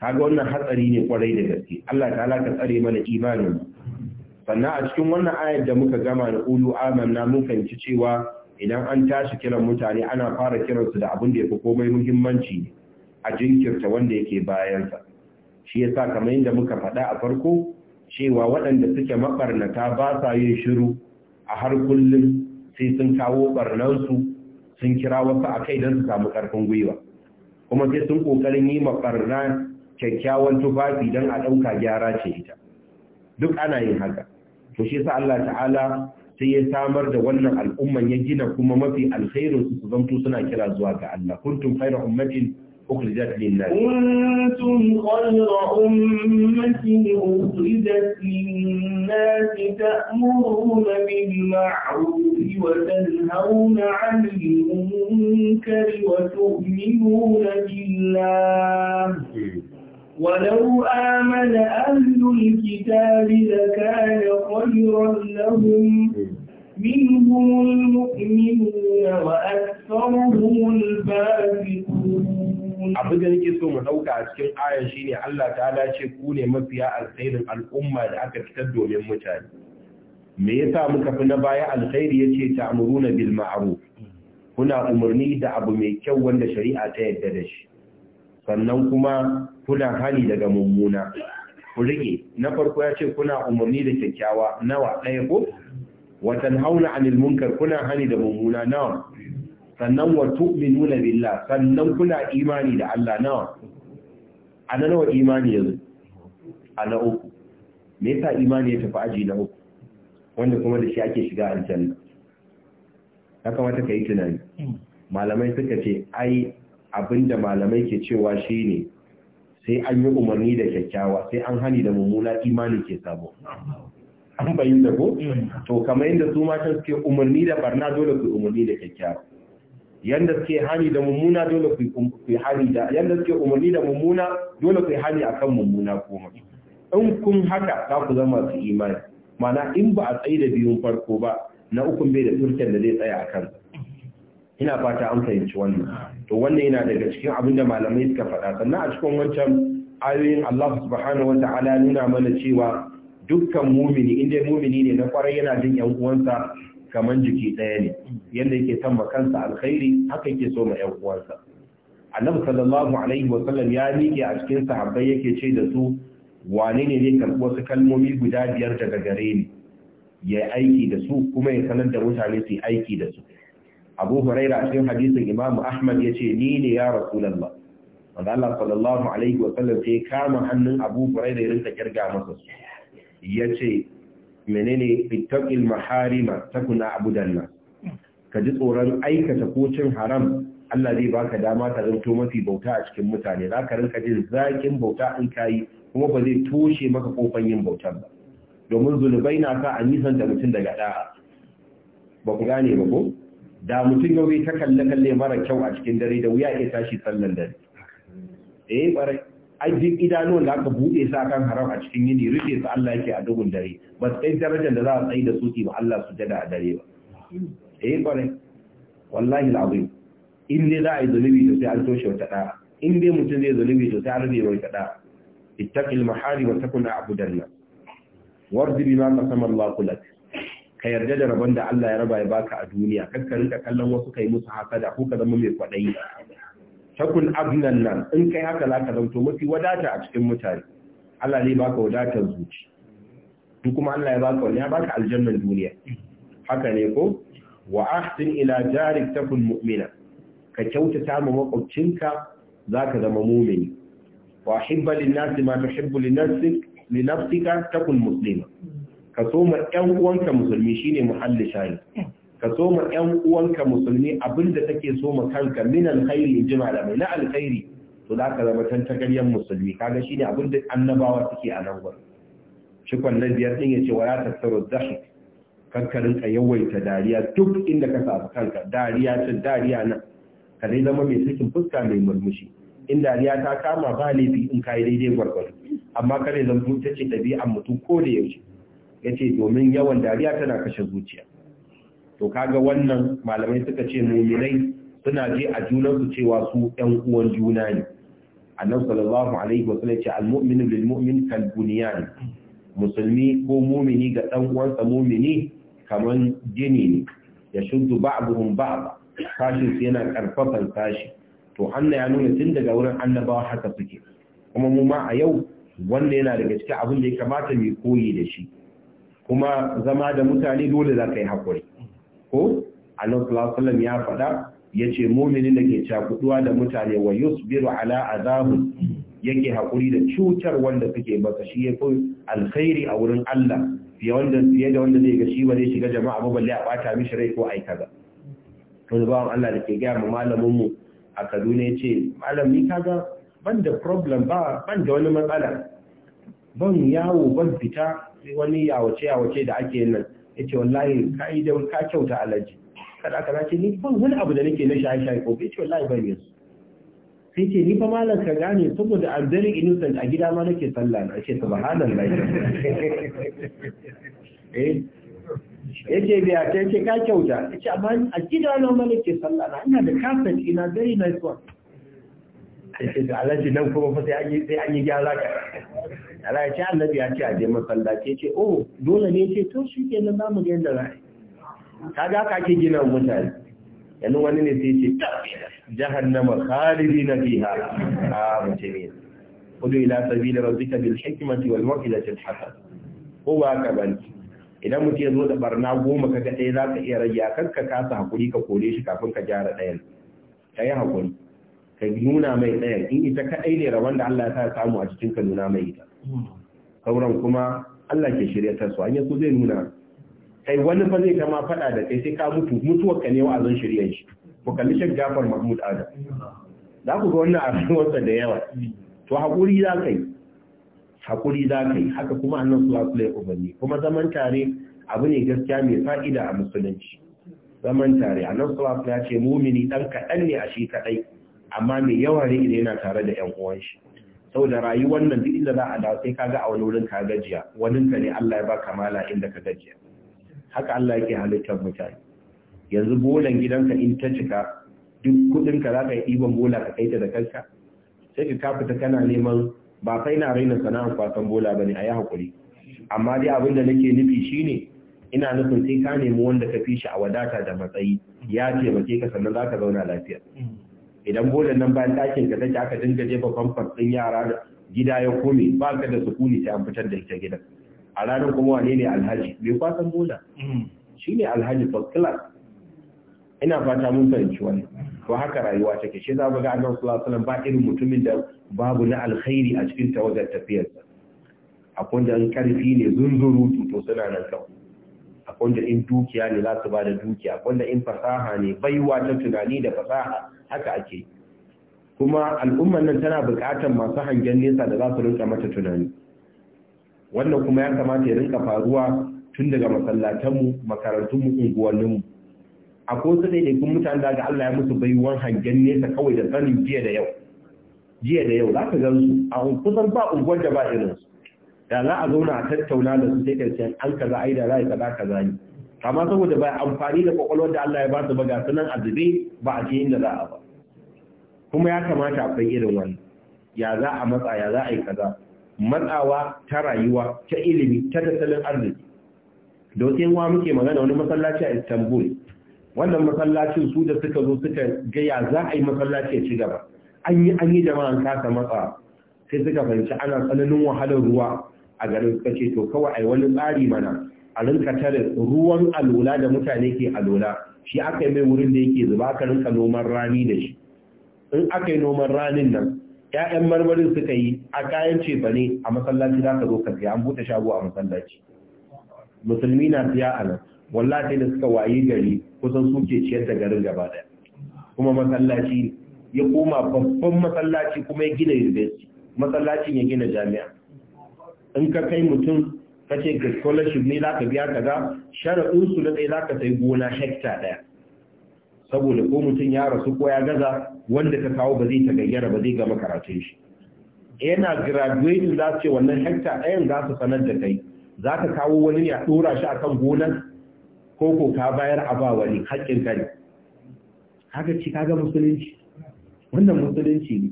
kaga wannan hatsari ne kwarai da gaske Allah ta ka tsare mana imanin sannan a cikin wannan ayar da muka gama na ulu amanna mun fahimci cewa idan an tashi kiran mutane ana fara kiransu da abin da ya fi komai muhimmanci a jinkirta wanda yake bayansa shi yasa kamar yadda muka faɗa a farko cewa waɗanda suke maɓarnata ba sa yin shiru a har kullum sai sun kawo barnansu sun kira wasu a kai don su samu ƙarfin gwiwa kuma sai sun ƙoƙarin yi ma barna kyakkyawan tufafi don a ɗauka gyara ce ita duk ana yin haka to shi sa Allah ta'ala sai ya samar da wannan al'umman ya gina kuma mafi alkhairin su su zanto suna kira zuwa ga Allah kuntum khairu ummatin أخرجت للناس كنتم خير أمة أخرجت للناس تأمرون بالمعروف وتنهون عن المنكر وتؤمنون بالله ولو آمن أهل الكتاب لكان خيرا لهم منهم المؤمنون وأكثرهم الفاسقون abin da nake so mu dauka a cikin ayan shine Allah ta'ala ce ku ne mafiya alkhairin al'umma da aka fitar domin mutane me yasa muka fi na baya alkhairi yace ta'muruna bil ma'ruf kuna umarni da abu mai kyau wanda shari'a ta yarda da shi sannan kuma kuna hani daga mummuna ku rike na farko yace kuna umarni da kyakkyawa nawa ɗaya ko watan hauna anil munkar kuna hani da mummuna nawa sannan wa tu'minuna billah sannan kuna imani da Allah nawa ana nawa imani yanzu ana uku me yasa imani ya tafi aji na uku wanda kuma da shi ake shiga aljanna ya kamata ka yi tunani malamai suka ce ai abinda malamai ke cewa shine sai an yi umarni da kyakkyawa sai an hani da mummuna imani ke sabo an bayyana ko to kamar yadda su matan suke umarni da barna dole ku umarni da kyakkyawa yanda suke hani da mummuna dole um, ku yi hani da yanda suke umarni da mummuna dole ku yi hani akan mummuna kuma in kun haka za ku zama su imani mana in ba a tsaye da biyun farko ba na ukun bai da turken da zai tsaya a kan ina fata an fahimci wannan to wannan yana daga cikin abin da malamai suka faɗa sannan a cikin wancan ayoyin Allah subhanahu wata'ala nuna mana cewa dukkan mumini inda mumini ne na kwarai yana jin yan uwansa kaman jiki ɗaya ne yadda yake son ma kansa alkhairi haka yake so ma 'yan uwansa annabi sallallahu alaihi wa sallam ya miƙe a cikin sahabbai yake ce da su wane ne zai karɓi wasu kalmomi guda biyar daga gare ni ya aiki da su kuma ya sanar da mutane su yi aiki da su abu huraira a cikin hadisin imamu ahmad ya ce ni ne ya rasulallah wanda allah sallallahu alaihi wa sallam sai kama hannun abu huraira ya rinka kirga masa su ya ce menene ittaqil maharima takuna abudan nan ka ji tsoron aikata ko haram Allah zai baka dama ta zanto mafi bauta a cikin mutane za ka rinka jin zakin bauta in kayi kuma ba zai toshe maka kofan yin bautar ba domin zulubai na sa an da mutum daga ɗaya. ba ku gane ba ko da mutum yau ta kalle kalle mara kyau a cikin dare da wuya ya tashi sallan dare eh barai ajin idanuwan da aka buɗe sa kan haram a cikin yini rufe su Allah yake a dugun dare ba su kai darajar da za a tsayi da su ba Allah su jada a dare ba eh kwarai wallahi alazim in dai za a yi zulubi to sai an toshe wata ɗaya, in dai mutum zai zulubi to sai an rufe wata ɗaya. ittaqil mahari wa takuna a'budan nas wardi ma qasama Allah lak ka yarda da rabon da Allah ya raba ya baka a duniya kakka ka kallon wasu kai musu hasada ko ka zama mai kwaɗayi. takun abnan nan in kai haka za ka zanto mafi wadata a cikin mutane Allah ne baka wadatar zuci duk kuma Allah ya baka wani ya baka aljannan duniya haka ne ko wa ahsin ila jarik takun mu'mina ka kyautata ma makwabcinka zaka zama mu'mini wa hibba linnasi ma tuhibbu li nafsika takun muslima ka so ma ƴan uwanka musulmi shine muhalli shayi ka so ma ƴan uwanka musulmi abinda take so ma kanka min alkhairi ji malamai na alkhairi to za ka zama tantagaryen musulmi kaga shine da annabawa suke a nan gurin cikon na biyar din yace wa ya tasaru dhahik kankarin ka yawaita dariya duk inda ka samu kanka dariya ta dariya na. ka dai zama mai sakin fuska mai murmushi in dariya ta kama ba laifi in kai daidai gwargwado amma kare zan ta ce ɗabi'an mutum ko da yaushe yace domin yawan dariya tana kashe zuciya to kaga wannan malamai suka ce muminai suna je a su cewa su ɗan uwan juna ne annan sallallahu alaihi wa sallam ce almu'minu lil mu'min kal bunyan musulmi ko mumini ga ɗan uwansa mumini kaman gini ne ya shuddu ba'dhum ba'd sashin yana karfafan sashi to Allah ya nuna tun daga wurin annabawa haka suke kuma mu ma a yau wanda yana daga cikin abin da ya kamata mu koyi da shi kuma zama da mutane dole za ka yi haƙuri ko annabi sallallahu alaihi ya faɗa yace mu'minin da ke cakuduwa da mutane wa yusbiru ala azahu yake hakuri da cutar wanda suke baka shi ya fi alkhairi a wurin Allah fiye wanda da wanda zai ga shi ba zai shiga jama'a ba balle a bata mishi rai ko ai kaza to bawan Allah da ke ga mu malamin mu a Kaduna yace malam ni kaga ban da problem ba ban da wani matsala ban yawo ban fita wani yawace yawace da ake nan yace wallahi ka da ka kyauta alaji kada aka ce ni ban wani abu da nake na shaye shaye ko ce wallahi ban yanzu sai ce ni fa malam ka gane saboda an very innocent a gida ma nake sallah na ce subhanallah *laughs* eh yace biya ta yace ka kyauta ce amma a gida na ma nake sallah na ina da kafin ina na nice one ce da alaji nan kuma fa sai an yi sai an yi gyara ka Allah ya ce annabi ya ce a je masallaci ya ce oh dole ne ce to shi ke nan zamu ga yadda za ka ga ka ke gina mutane yanzu wani ne sai ce jahannama khalidina fiha a mutane kudu ila sabila rabbika bil hikmati wal mawidati al hasan ko ba ka ban idan mutum ya zo da barna goma kaga ɗaya za ka iya rage kan ka kasa hakuri ka kore shi kafin ka jara ɗayan ka yi hakuri ka nuna mai ɗayan in ita kaɗai ne rabon da Allah ya sa samu a cikin ka nuna mai ita sauran kuma Allah ke shiryatar su hanyar so zai nuna kai wani fa zai kama faɗa da kai sai ka mutu mutuwar ka ne azan shirya shi ku kalli Jafar Mahmud Adam za ku ga wannan arzuwarsa da yawa to haƙuri za ka yi haƙuri za ka yi haka kuma annan su haƙulai ubanni kuma zaman tare abu ne gaskiya mai fa'ida a musulunci zaman tare annan su haƙulai ya ce mumini ɗan kaɗan ne a shi kaɗai amma mai yawa ne idan yana tare da ‘yan uwan shi saboda rayuwar nan duk inda za a dawo sai kaga a wani wurin ka gajiya wani ka ne Allah ya baka mala inda ka gajiya haka Allah yake halittar mutane yanzu bolan gidanka in ta cika duk kudin ka zaka yi ɗiban bola ka kai ta da kanka sai ka kafita kana neman ba kai na raina sana'ar kwasan bola bane a yi hakuri amma dai abin da nake nufi shine ina nufin sai ka nemi wanda ka fi shi a wadata da matsayi ya taimake ka sannan zaka zauna lafiya idan bolan nan bayan ɗakin ka take aka dinga jefa famfar ɗin yara da gida ya kome ba ka da sukuni sai an fitar da ita gidan a ranar kuma wane ne alhaji mai kwasan bola mm. shi ne alhaji first class ina fata mun fahimci wani to haka rayuwa take shi za mu ga annabi sallallahu alaihi ba irin mutumin da babu na alkhairi a cikin tawagar tafiyarsa akwai da karfi ne zunzuru to suna nan kawai akwai wanda in dukiya ne za su ba da dukiya akwai wanda in fasaha ne baiwa ta tunani da fasaha haka ake kuma al'ummar nan tana buƙatar masu hangen nesa da za su rinka mata tunani wannan kuma ya kamata ya rinka faruwa tun daga masallatanmu makarantunmu unguwanninmu a ko su mutane da ga Allah ya musu baiwan hangen nesa kawai da sanin jiya da yau jiya da yau za ka gan su a kusan ba unguwar da ba irinsu da za a zauna a tattauna da su sai an kaza ai da rai kaza kaza ne amma saboda ba amfani da kokolwar da Allah ya ba su ba ga sunan azube ba a ce inda za a ba kuma ya kamata a san irin wani. ya za a matsa ya za a yi kaza matsawa ta rayuwa ta ilimi ta tattalin arziki da wasu yanwa muke magana wani masallaci a istanbul wannan masallacin su da suka zo suka ga ya za a yi masallaci ya ci gaba an yi an yi jama'an kasa matsa sai suka fahimci ana tsananin wahalar ruwa a garin suka to kawai ai wani tsari mana a rinka tare ruwan alula da mutane ke alola shi aka yi mai wurin da yake zuba ka rinka noman rani da shi in aka yi noman ranin nan ‘ya'yan marmarin suka yi a kayan ce ne a masallaci za ka zo ka an buɗe shago a masallaci musulmi na siya a nan wallahi da suka wayi gari kusan su ke ciyar da garin gaba ɗaya kuma masallaci ya koma babban masallaci kuma ya gina university masallacin ya gina jami'a in ka kai mutum ka ce ga scholarship ne ka biya ka ga shara'in su da za ka sai gona hekta daya saboda ko mutum ya rasu ko ya gaza wanda ka kawo ba zai ta gayyara ba zai gama karatun shi yana graduate za su ce wannan hekta ɗayan za su sanar da kai za ka kawo wani ne a ɗora shi akan gonan ko ko ka bayar a ba wani haƙƙin ka ne haka ci ga musulunci wannan musulunci ne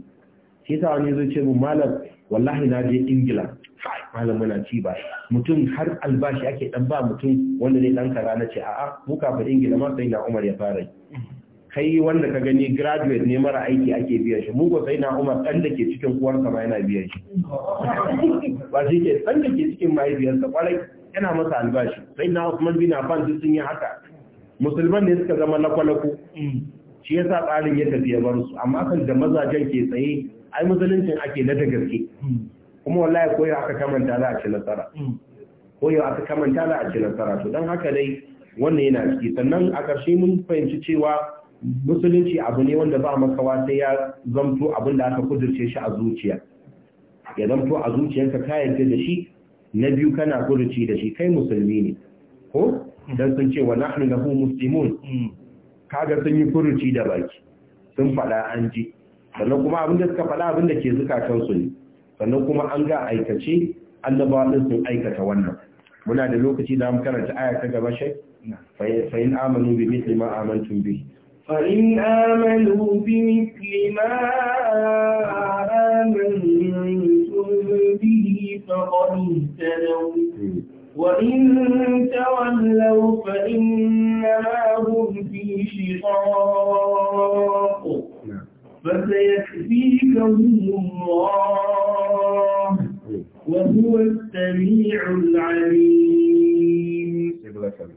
sai ta wani zai ce mu malam wallahi na je ingila malam muna ci ba mutum har albashi ake dan ba mutum wanda ne dan kara ce a'a mu kafin ingila ma sai na umar ya fara kai wanda ka gani graduate ne mara aiki ake biya shi mugu sai na umar ɗan da ke cikin uwarsa ma yana biya shi ba shi ke dan da ke cikin mahaifiyarsa kwarai yana masa albashi sai na usman bin affan duk sun yi haka musulman ne suka zama lakwalako shi yasa tsarin ya tafiya ya bar su amma kan da mazajen ke tsaye ai musuluncin ake na da gaske kuma wallahi koyo aka kamanta za a ci nasara mm. koyo aka kamanta za a ci nasara to don haka dai wannan yana ciki sannan a ƙarshe mun fahimci cewa musulunci abu ne wanda ba makawa sai ya zamto abin da aka kudurce shi a zuciya ya zamto a zuciyarka ka yarda da shi na biyu kana kudurci da shi kai musulmi ne ko mm. dan sun ce wa nahnu lahu muslimun mm. kaga sun yi kudurci da baki sun faɗa an ji sannan kuma abin da suka faɗa abin da ke zukatansu ne sannan kuma an ga aikace annabawa din sun aikata wannan muna da lokaci da mu karanta aya ta gaba shai fa in amanu bi mithli ma amantum bi fa in amanu bi mithli ma amantum bihi faqad ihtadaw hmm. wa in tawallaw fa innama hum fi shiqaq فسيكفيك الله وهو السميع العليم سدرة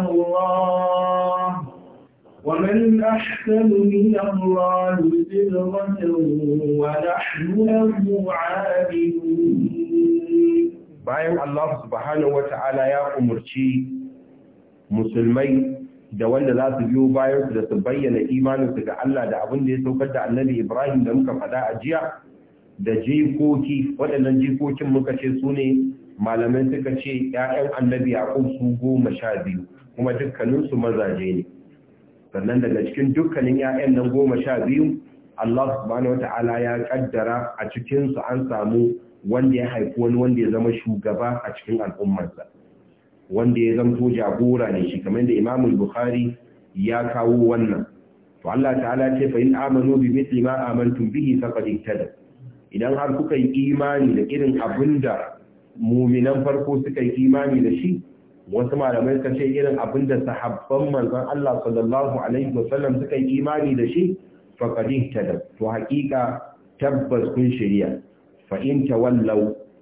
الله ومن أحسن من الله سبغة ونحن له عابدون bayan الله سبحانه وتعالى يا ya umarci da wanda za su biyo bayan su da su bayyana imanin su ga Allah da abin da ya saukar da Annabi Ibrahim da muka faɗa a jiya da jikoki waɗannan jikokin muka ce su ne malamai suka ce ‘ya'yan Annabi Yaqub su goma sha biyu kuma dukkanin mazaje ne sannan daga cikin dukkanin ‘ya'yan nan goma sha biyu Allah subhanahu wata'ala ya kaddara a cikinsu an samu wanda ya haifi wani wanda ya zama shugaba a cikin al'ummarsa wanda ya zanto jagora ne shi kamar da Imam Bukhari ya kawo wannan to Allah ta'ala ce fa in amanu bi mithli ma amantum bihi faqad ihtada idan har kuka yi imani da irin abinda mu'minan farko suka yi imani da shi wasu malamai suka ce irin abinda sahabban manzon Allah sallallahu alaihi wasallam suka yi imani da shi faqad ihtada to haƙiƙa tabbas kun shirya fa in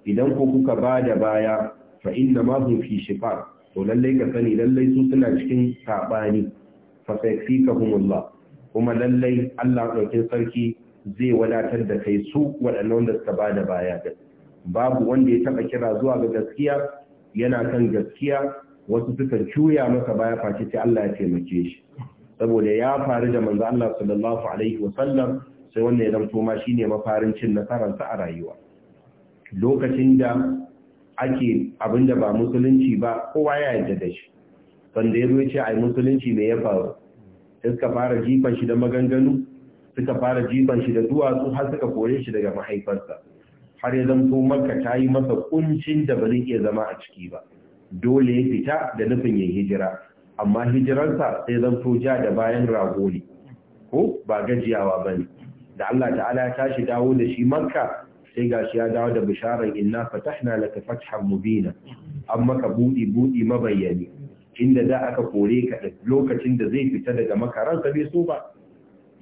idan ku kuka bada baya fa inna ma hum fi shiqaq to lalle ka sani lalle su suna cikin sabani fa sayfikahumullah kuma lalle Allah daukin sarki zai wadatar da kai su waɗannan wanda suka bada baya da babu wanda ya taba kira zuwa ga gaskiya yana kan gaskiya wasu suka juya masa baya face sai Allah ya taimake shi saboda ya faru da manzo Allah sallallahu alaihi sallam, sai wannan ya zanto ma shine mafarin cin nasararsa a rayuwa lokacin da ake abin da ba musulunci ba kowa ya yarda da shi sanda ya ya ce ai musulunci mai ya faru sai suka fara jifan shi da maganganu suka fara jifan shi da duwatsu har suka kore shi daga mahaifarsa har ya zamto makka ta yi masa kuncin da ba zai iya zama a ciki ba dole ya fita da nufin ya hijira amma hijirarsa sai zamto ja da bayan rago ko ba gajiyawa ba ne da Allah ta'ala ya tashi dawo da shi makka sai ga shi ya dawo da bisharar inna fatahna laka fathan mubina amma ka budi budi mabayyani inda da aka kore ka lokacin da zai fita daga makaranta bai so ba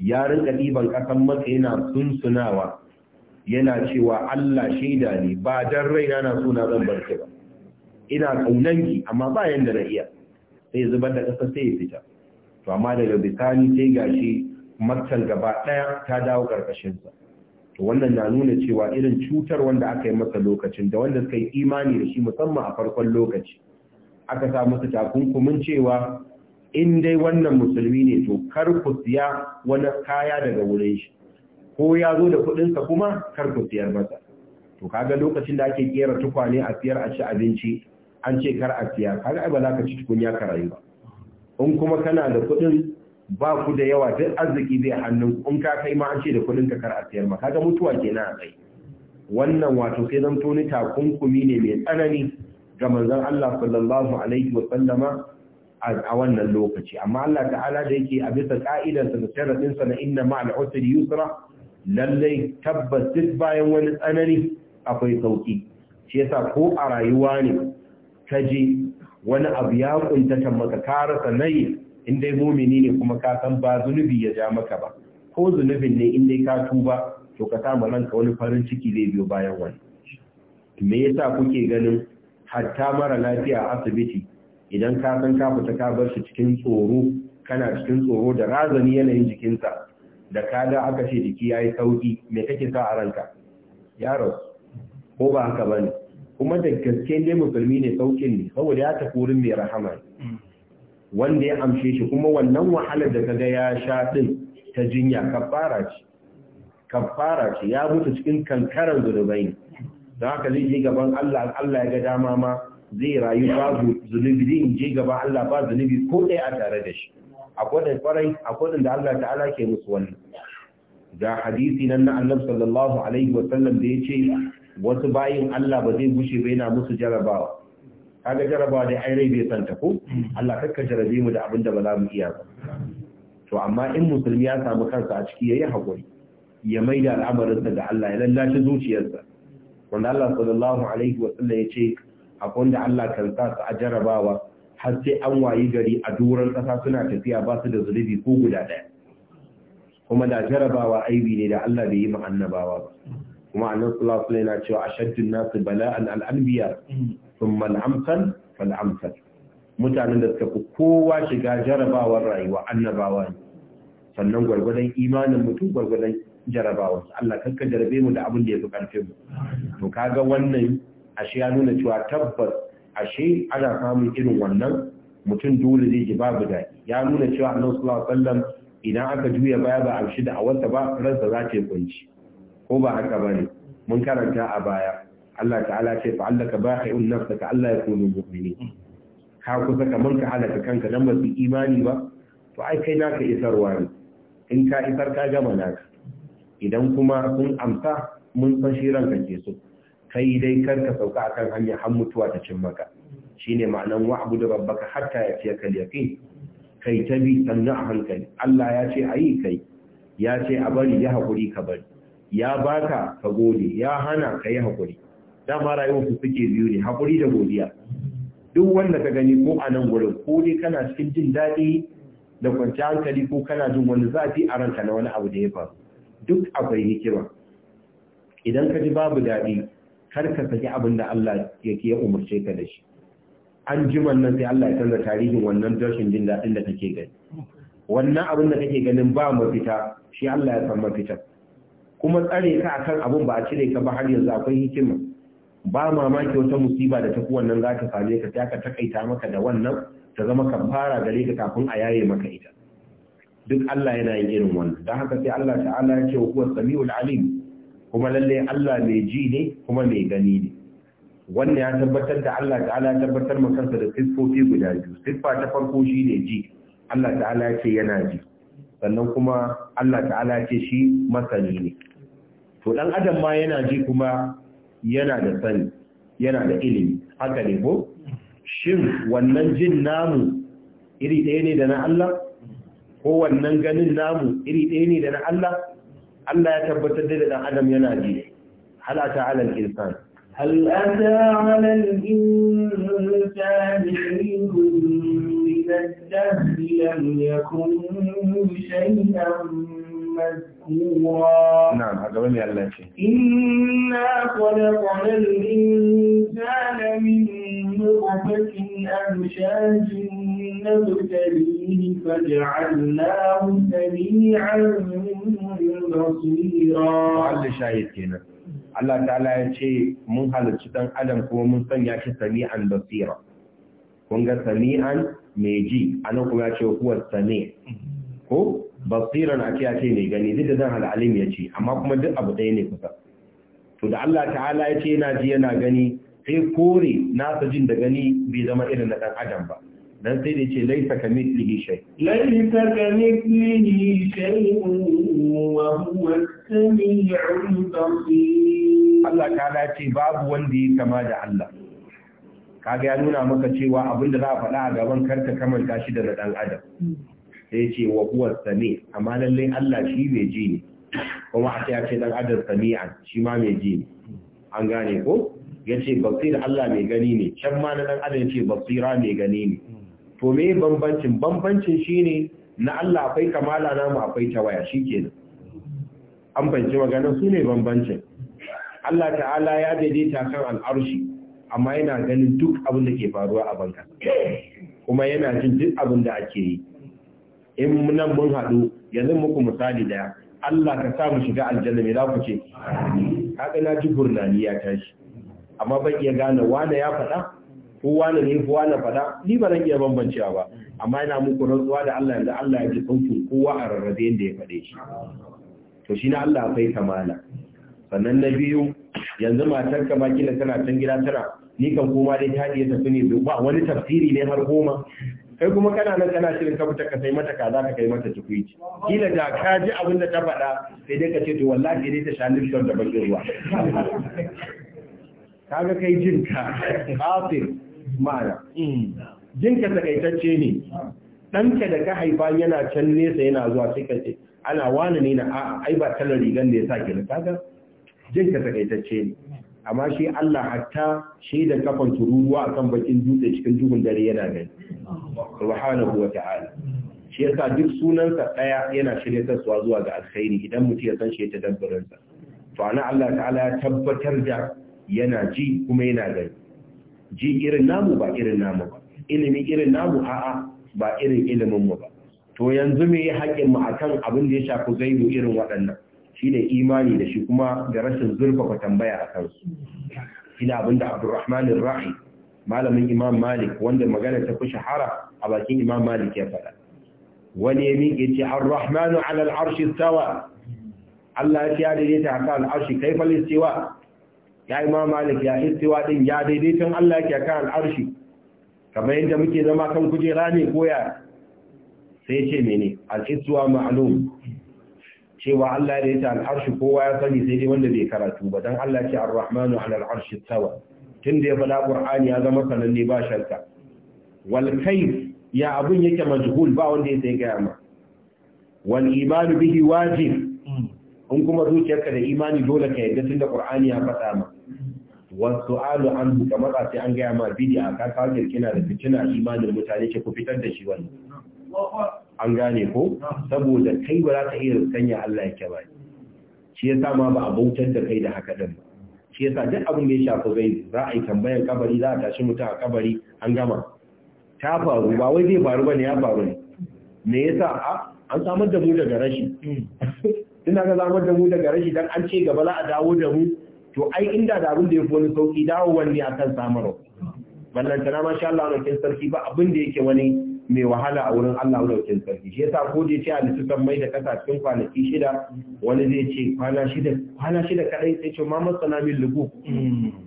ya rinka ɗiban kasan maka yana sunsunawa yana cewa Allah shaida ne ba dan raina na so na zan bar ba ina kaunanki amma ba yanda na iya sai zubar da kasa sai ya fita to amma daga bisani sai gashi maktal gaba ɗaya ta dawo ƙarƙashinsa to wannan na nuna cewa irin cutar wanda aka yi masa lokacin da wanda suka yi imani da shi musamman a farkon lokaci aka sa musu takunkumin cewa in dai wannan musulmi ne to kar ku siya wani kaya daga wurin shi ko ya zo da kuɗinsa kuma kar ku siyar masa to kaga lokacin da ake kera tukwane a siyar a ci abinci an ce kar a siya kaga ai ba za ka ci tukunya ka rayu ba in kuma kana da kuɗin ba ku da yawa duk arziki zai hannun in ka kai ma an ce da kudin ka kar a sayar ma kaga mutuwa kenan a kai wannan wato sai zan toni takunkumi ne mai tsanani ga manzon Allah sallallahu alaihi wa sallama a wannan lokaci amma Allah ta'ala da yake a bisa ka'idar sa da sharadin sa na inna ma'al usri yusra lalle tabbas duk bayan wani tsanani akwai sauki shi yasa ko a rayuwa ne je wani abu ya kunta maka karasa nayi in dai mumini ne kuma ka san ba zunubi ya ja maka ba ko zunubin ne in dai ka tuba to ka samu ranka wani farin ciki zai biyo bayan wani me yasa kuke ganin hatta mara lafiya a asibiti idan ka san ka fita ka bar shi cikin tsoro kana cikin tsoro da razani yanayin jikinsa da ka da aka ce jiki yayi sauki me kake sa a ranka yaro ko ba haka bane kuma da gaske dai musulmi ne saukin ne saboda ya tafi wurin mai rahama mm. wanda ya amshe shi kuma wannan wahalar da kaga ya sha din ta jinya kafara ce kafara ce ya mutu cikin kankaran zunubai don haka zai je gaban Allah Allah ya ga dama ma zai rayu ba zunubi din? je gaba Allah ba zunubi ko ɗaya a tare da shi akwai kwarai akwai da Allah ta'ala ke musu wannan ga hadisi nan na Annabi sallallahu alaihi wa sallam da yace wasu bayin Allah ba zai gushe ba yana musu jarabawa kaga jaraba da ai rai bai santa ko hmm. Allah kakka jarabe mu da abin da ba za mu iya ba to amma in musulmi ya samu kansa a ciki yayi hakuri ya mai da al'amarinsa ga Allah ya lallace zuciyarsa wanda Allah sallallahu alaihi wa sallam ya ce akwai da Allah kan sa su a jarabawa har sai an wayi gari a duran kasa suna tafiya ba su da zulubi ko guda ɗaya kuma da jarabawa aibi ne da Allah bai yi mu annabawa ba kuma annabi sallallahu alaihi wa sallam yana cewa ashaddun nasu bala'an al-anbiya hmm. Sun al fal mutanen da suka fi kowa shiga jarabawar rayuwa annabawa ne sannan gwargwadon imanin mutum gwargwadon jarabawar Allah kanka jarabe mu da abin da ya fi karfe mu to kaga wannan ashe ya nuna cewa tabbas ashe ana samun irin wannan mutum dole zai ji babu daɗi ya nuna cewa annabi sallallahu alaihi wasallam idan aka juya baya ba a shi da awarsa ba ransa za ta yi kunci ko ba haka bane mun karanta a baya Allah ta'ala ce fa Allah ka nafsa ka Allah ya kunu mu'mini ka kusa kamar ka halaka kanka dan masu imani ba to ai kai naka isarwa ne in ka isar ka gama naka idan kuma sun amsa mun san shi ranka ke so kai dai kar ka sauka akan hanyar har mutuwa ta cin maka shine ma'anan wa'budu rabbaka hatta yatiyaka al-yaqin kai ta bi sannu a hankali Allah ya ce ayi kai ya ce a bari ya hakuri ka bari ya baka ka gode ya hana ka yi hakuri dama rayuwar ku suke biyu ne hakuri da godiya duk wanda ka gani ko a nan gurin ko dai kana cikin jin daɗi da kwanciyar hankali ko kana jin wani zafi a ranka na wani abu da ya faru duk akwai hikima idan ka ji babu daɗi kar ka saki abin da Allah yake ya umarce ka da shi an ji nan sai Allah ya canza tarihin wannan dashin jin daɗin da kake gani wannan abin da kake ganin ba mafita shi Allah ya san mafita kuma tsare ka akan abun ba a cire ka ba har yanzu akwai hikima ba mamaki wata musiba da tafi wannan za ta same ka ta takaita maka da wannan ta zama fara gare ka kafin a yaye maka ita duk Allah yana yin irin wannan don haka sai Allah ta'ala ya ce wa huwa samiul alim kuma lalle Allah mai ji ne kuma mai gani ne wannan ya tabbatar da Allah ta'ala ya tabbatar ma kansa da siffofi guda biyu siffa ta farko shine ji Allah ta'ala ya ce yana ji sannan kuma Allah ta'ala ya ce shi masani ne to dan adam ma yana ji kuma yana da sani yana da ilimi haka ne ko shin wannan jin namu iri ɗaya ne da na Allah ko wannan ganin namu iri ɗaya ne da na Allah Allah ya tabbatar da dan adam yana ji hal ata ala al insan hal ata ala al insan min al-dahr lam yakun shay'an مذكورا نعم هذا من الله إنا خلقنا الإنسان من نطفة أمشاج نبتليه فجعلناه سميعا بصيرا محل شاهد كنا Allah ta'ala ya ce mun halarci ɗan adam kuma mun sanya shi sami'an basira kun ga sami'an mai ji anan kuma ya ce huwa sami ko basiran a ce mai gani duk da zan al'alim ya ce amma kuma duk abu ɗaya ne kusa to da Allah ta'ala ya ce yana ji yana gani sai kore nasa jin da gani bai zama irin na ɗan adam ba dan sai da ce laisa ka mitlihi shay laisa ka mitlihi shay wa huwa as basir Allah ta'ala ce babu wanda ya kama da Allah kaga ya nuna maka cewa abinda za a faɗa a gaban karka kamar shi da na ɗan adam hmm. sai ce wa huwa sami amma lallai Allah shi mai ji ne kuma a ya ce dan adam sami'an shi ma mai ji ne an gane ko ya ce Allah mai gani ne can ma na dan adam ce basira mai gani ne to me bambancin bambancin shi ne? na Allah akwai kamala namu akwai tawaya shi ke nan. an banci maganar su ne bambancin Allah ta'ala ya daidaita kan al'arshi amma yana ganin duk abin da ke faruwa a banka kuma yana jin duk abin da ake yi in nan mun haɗu yanzu muku misali daya Allah ka sa shiga aljanna me za ku ce kaga na ji gurnani ya tashi amma ban iya gane wane ya faɗa ko wane ne ko wane faɗa ni ba zan iya bambancewa ba amma yana muku rantsuwa da Allah yanzu Allah ya ji sautin kowa a rarrabe yadda ya faɗe shi to shi na Allah akwai kamala sannan na biyu yanzu matar ka ba kila tana can gida tara, ni kan koma dai ta iya tafi ne ba wani tafsiri ne har goma kai kuma kana nan kana shirin ka fita ka sai mata kaza ka kai mata tukuici kila da ka ji abin da ta faɗa sai dai ka ce to wallahi dai ta sha shon da bakin ruwa kaga kai jin ka kafir ma'ana jin ka takaitacce ne Dan ka da ka haifa yana can nesa yana zuwa sai ka ce ana wani ne na a'a ai ba kalar rigan da ya sa ki kaga jin ka takaitacce ne amma shi Allah hatta shi da kafan tururuwa akan bakin dutse cikin duhun dare yana gani subhanahu wa ta'ala shi yasa duk sunansa daya yana shiryatarwa zuwa ga alkhairi idan mutum ya san shi ta dabbarin sa to ana Allah ta'ala ya tabbatar da yana ji kuma yana gani ji irin namu ba irin namu ba ilimi irin namu a'a ba irin ilimin mu ba to yanzu me haƙƙin mu akan abin da ya shafi gaibu irin waɗannan Shi ne imani da shi kuma da rashin zurfafa tambaya a kansu ina abinda Abdurrahman ar-Rahi malamin Imam Malik wanda magana ta fi shahara a bakin Imam Malik ya faɗa wani ya miƙe ce Ar-Rahmanu 'ala arshi istawa Allah ya ya daidaita akan al al'arshi, "Kai al cewa ya Imam Malik ya cewa din ya daidaitan Allah ya akan al'arshi arshi kamar yadda muke zama kan kujera ne koya sai ce mene al-istiwa cewa Allah da yake al'arshi kowa ya sani sai dai wanda bai karatu ba dan Allah ce ar-rahmanu 'ala al-arshi tunda ya fada ƙur'ani ya zama sananne ba shakka wal kayf ya abun yake majhul ba wanda ya sai gaya ma wal imanu bihi wajib in kuma zuciyarka da imani dole ka yadda tunda ƙur'ani ya fada ma wasu'alu an kamar matsa sai an gaya ma bidi'a ka kawo kirkina da fitina imanin mutane ce ku fitar da shi wani an gane ko saboda kai ba za ka iya sanya Allah yake ba shi yasa ma ba a bautar da kai da haka din shi yasa duk abin da ya shafi gaibi za a yi tambayar kabari za a tashi mutum a kabari an gama ta faru ba wai zai faru bane ya faru ne me yasa a an samar da mu daga rashi *laughs* ina ga samar da mu daga rashi dan an ce gaba za a dawo da mu to ai inda da abin da ya fi wani sauki dawo wani akan kan samarwa ballantana masha Allah kin sarki ba abin da yake wani mai wahala a wurin Allah daukin sarki shi yasa ko dai ce a lissukan mai da kasa cikin kwanaki shida wani zai ce kwana shida kwana shida kadai sai ce ma masana min lugu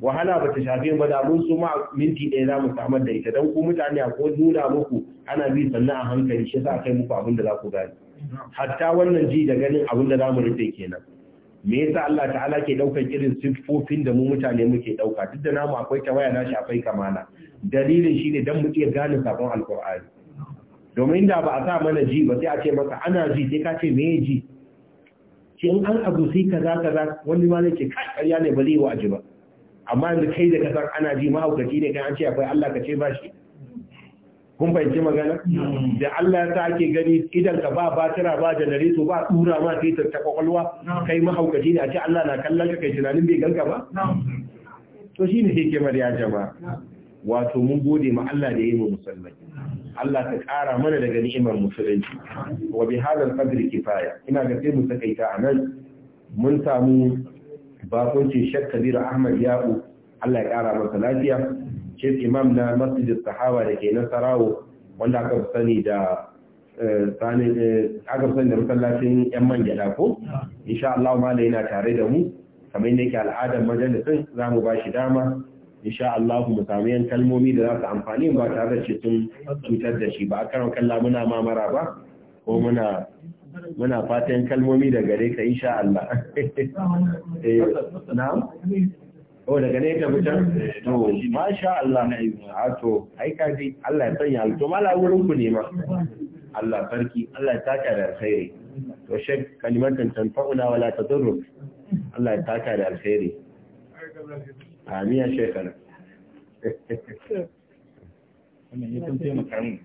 wahala ba ta shafe ba da mun su ma minti ɗaya za mu samar da ita dan ku mutane ko nuna muku ana bi sannan a hankali shi yasa kai muku abin da za ku gani hatta wannan ji da ganin abin da za mu rufe kenan me yasa Allah ta'ala ke daukar irin siffofin da mu mutane muke ɗauka? duk da namu akwai tawaya na shafai kamana dalilin shine dan mu iya gane sakon alkur'ani domin da ba a sa mana ji ba sai a ce maka ana ji sai ka ce meye ji shi in an abu sai kaza kaza wani ma ne ce ƙarya ne ba zai wa ji ba amma yanzu kai da kasar ana ji mahaukaci ne kan an ce akwai Allah ka ce ba shi kun fahimci magana da Allah ta ake gani idan ka ba batira ba janareto ba tura ma sai ta ta kwakwalwa kai mahaukaci ne a ce Allah na kallon ka kai tunanin bai ganka ba to shine ke mariya jama'a wato mun gode ma Allah da ya yi mu musulmai Allah ta ƙara mana daga ni'imar musulunci wa bi hadal qadri kifaya ina ga sai mu takaita anan mun samu bakuncin Sheikh Kabir Ahmad Ya'u Allah ya ƙara masa lafiya Sheikh Imam na Masjid Sahaba da ke Nasarawo wanda aka sani da eh, eh, aka sani da masallacin yan man da ko insha Allah ma yana tare da mu kamar yake al'adar majalisin zamu bashi ba shi dama insha Allah mu samu yan kalmomi da za su amfani ba tare da ce sun cutar da shi ba a karon kalla muna mamara ba ko muna muna fatan kalmomi da gare ka insha Allah *laughs* eh na'am o oh, daga ne ka fita to masha Allah a to ai ka ji Allah ya sanya to mala wurin ku ne ma Allah sarki Allah ya taka da alkhairi to shek kalimatan tanfa'una wala tadurru Allah ya taka da alkhairi amin ya shekara wannan ya taimaka min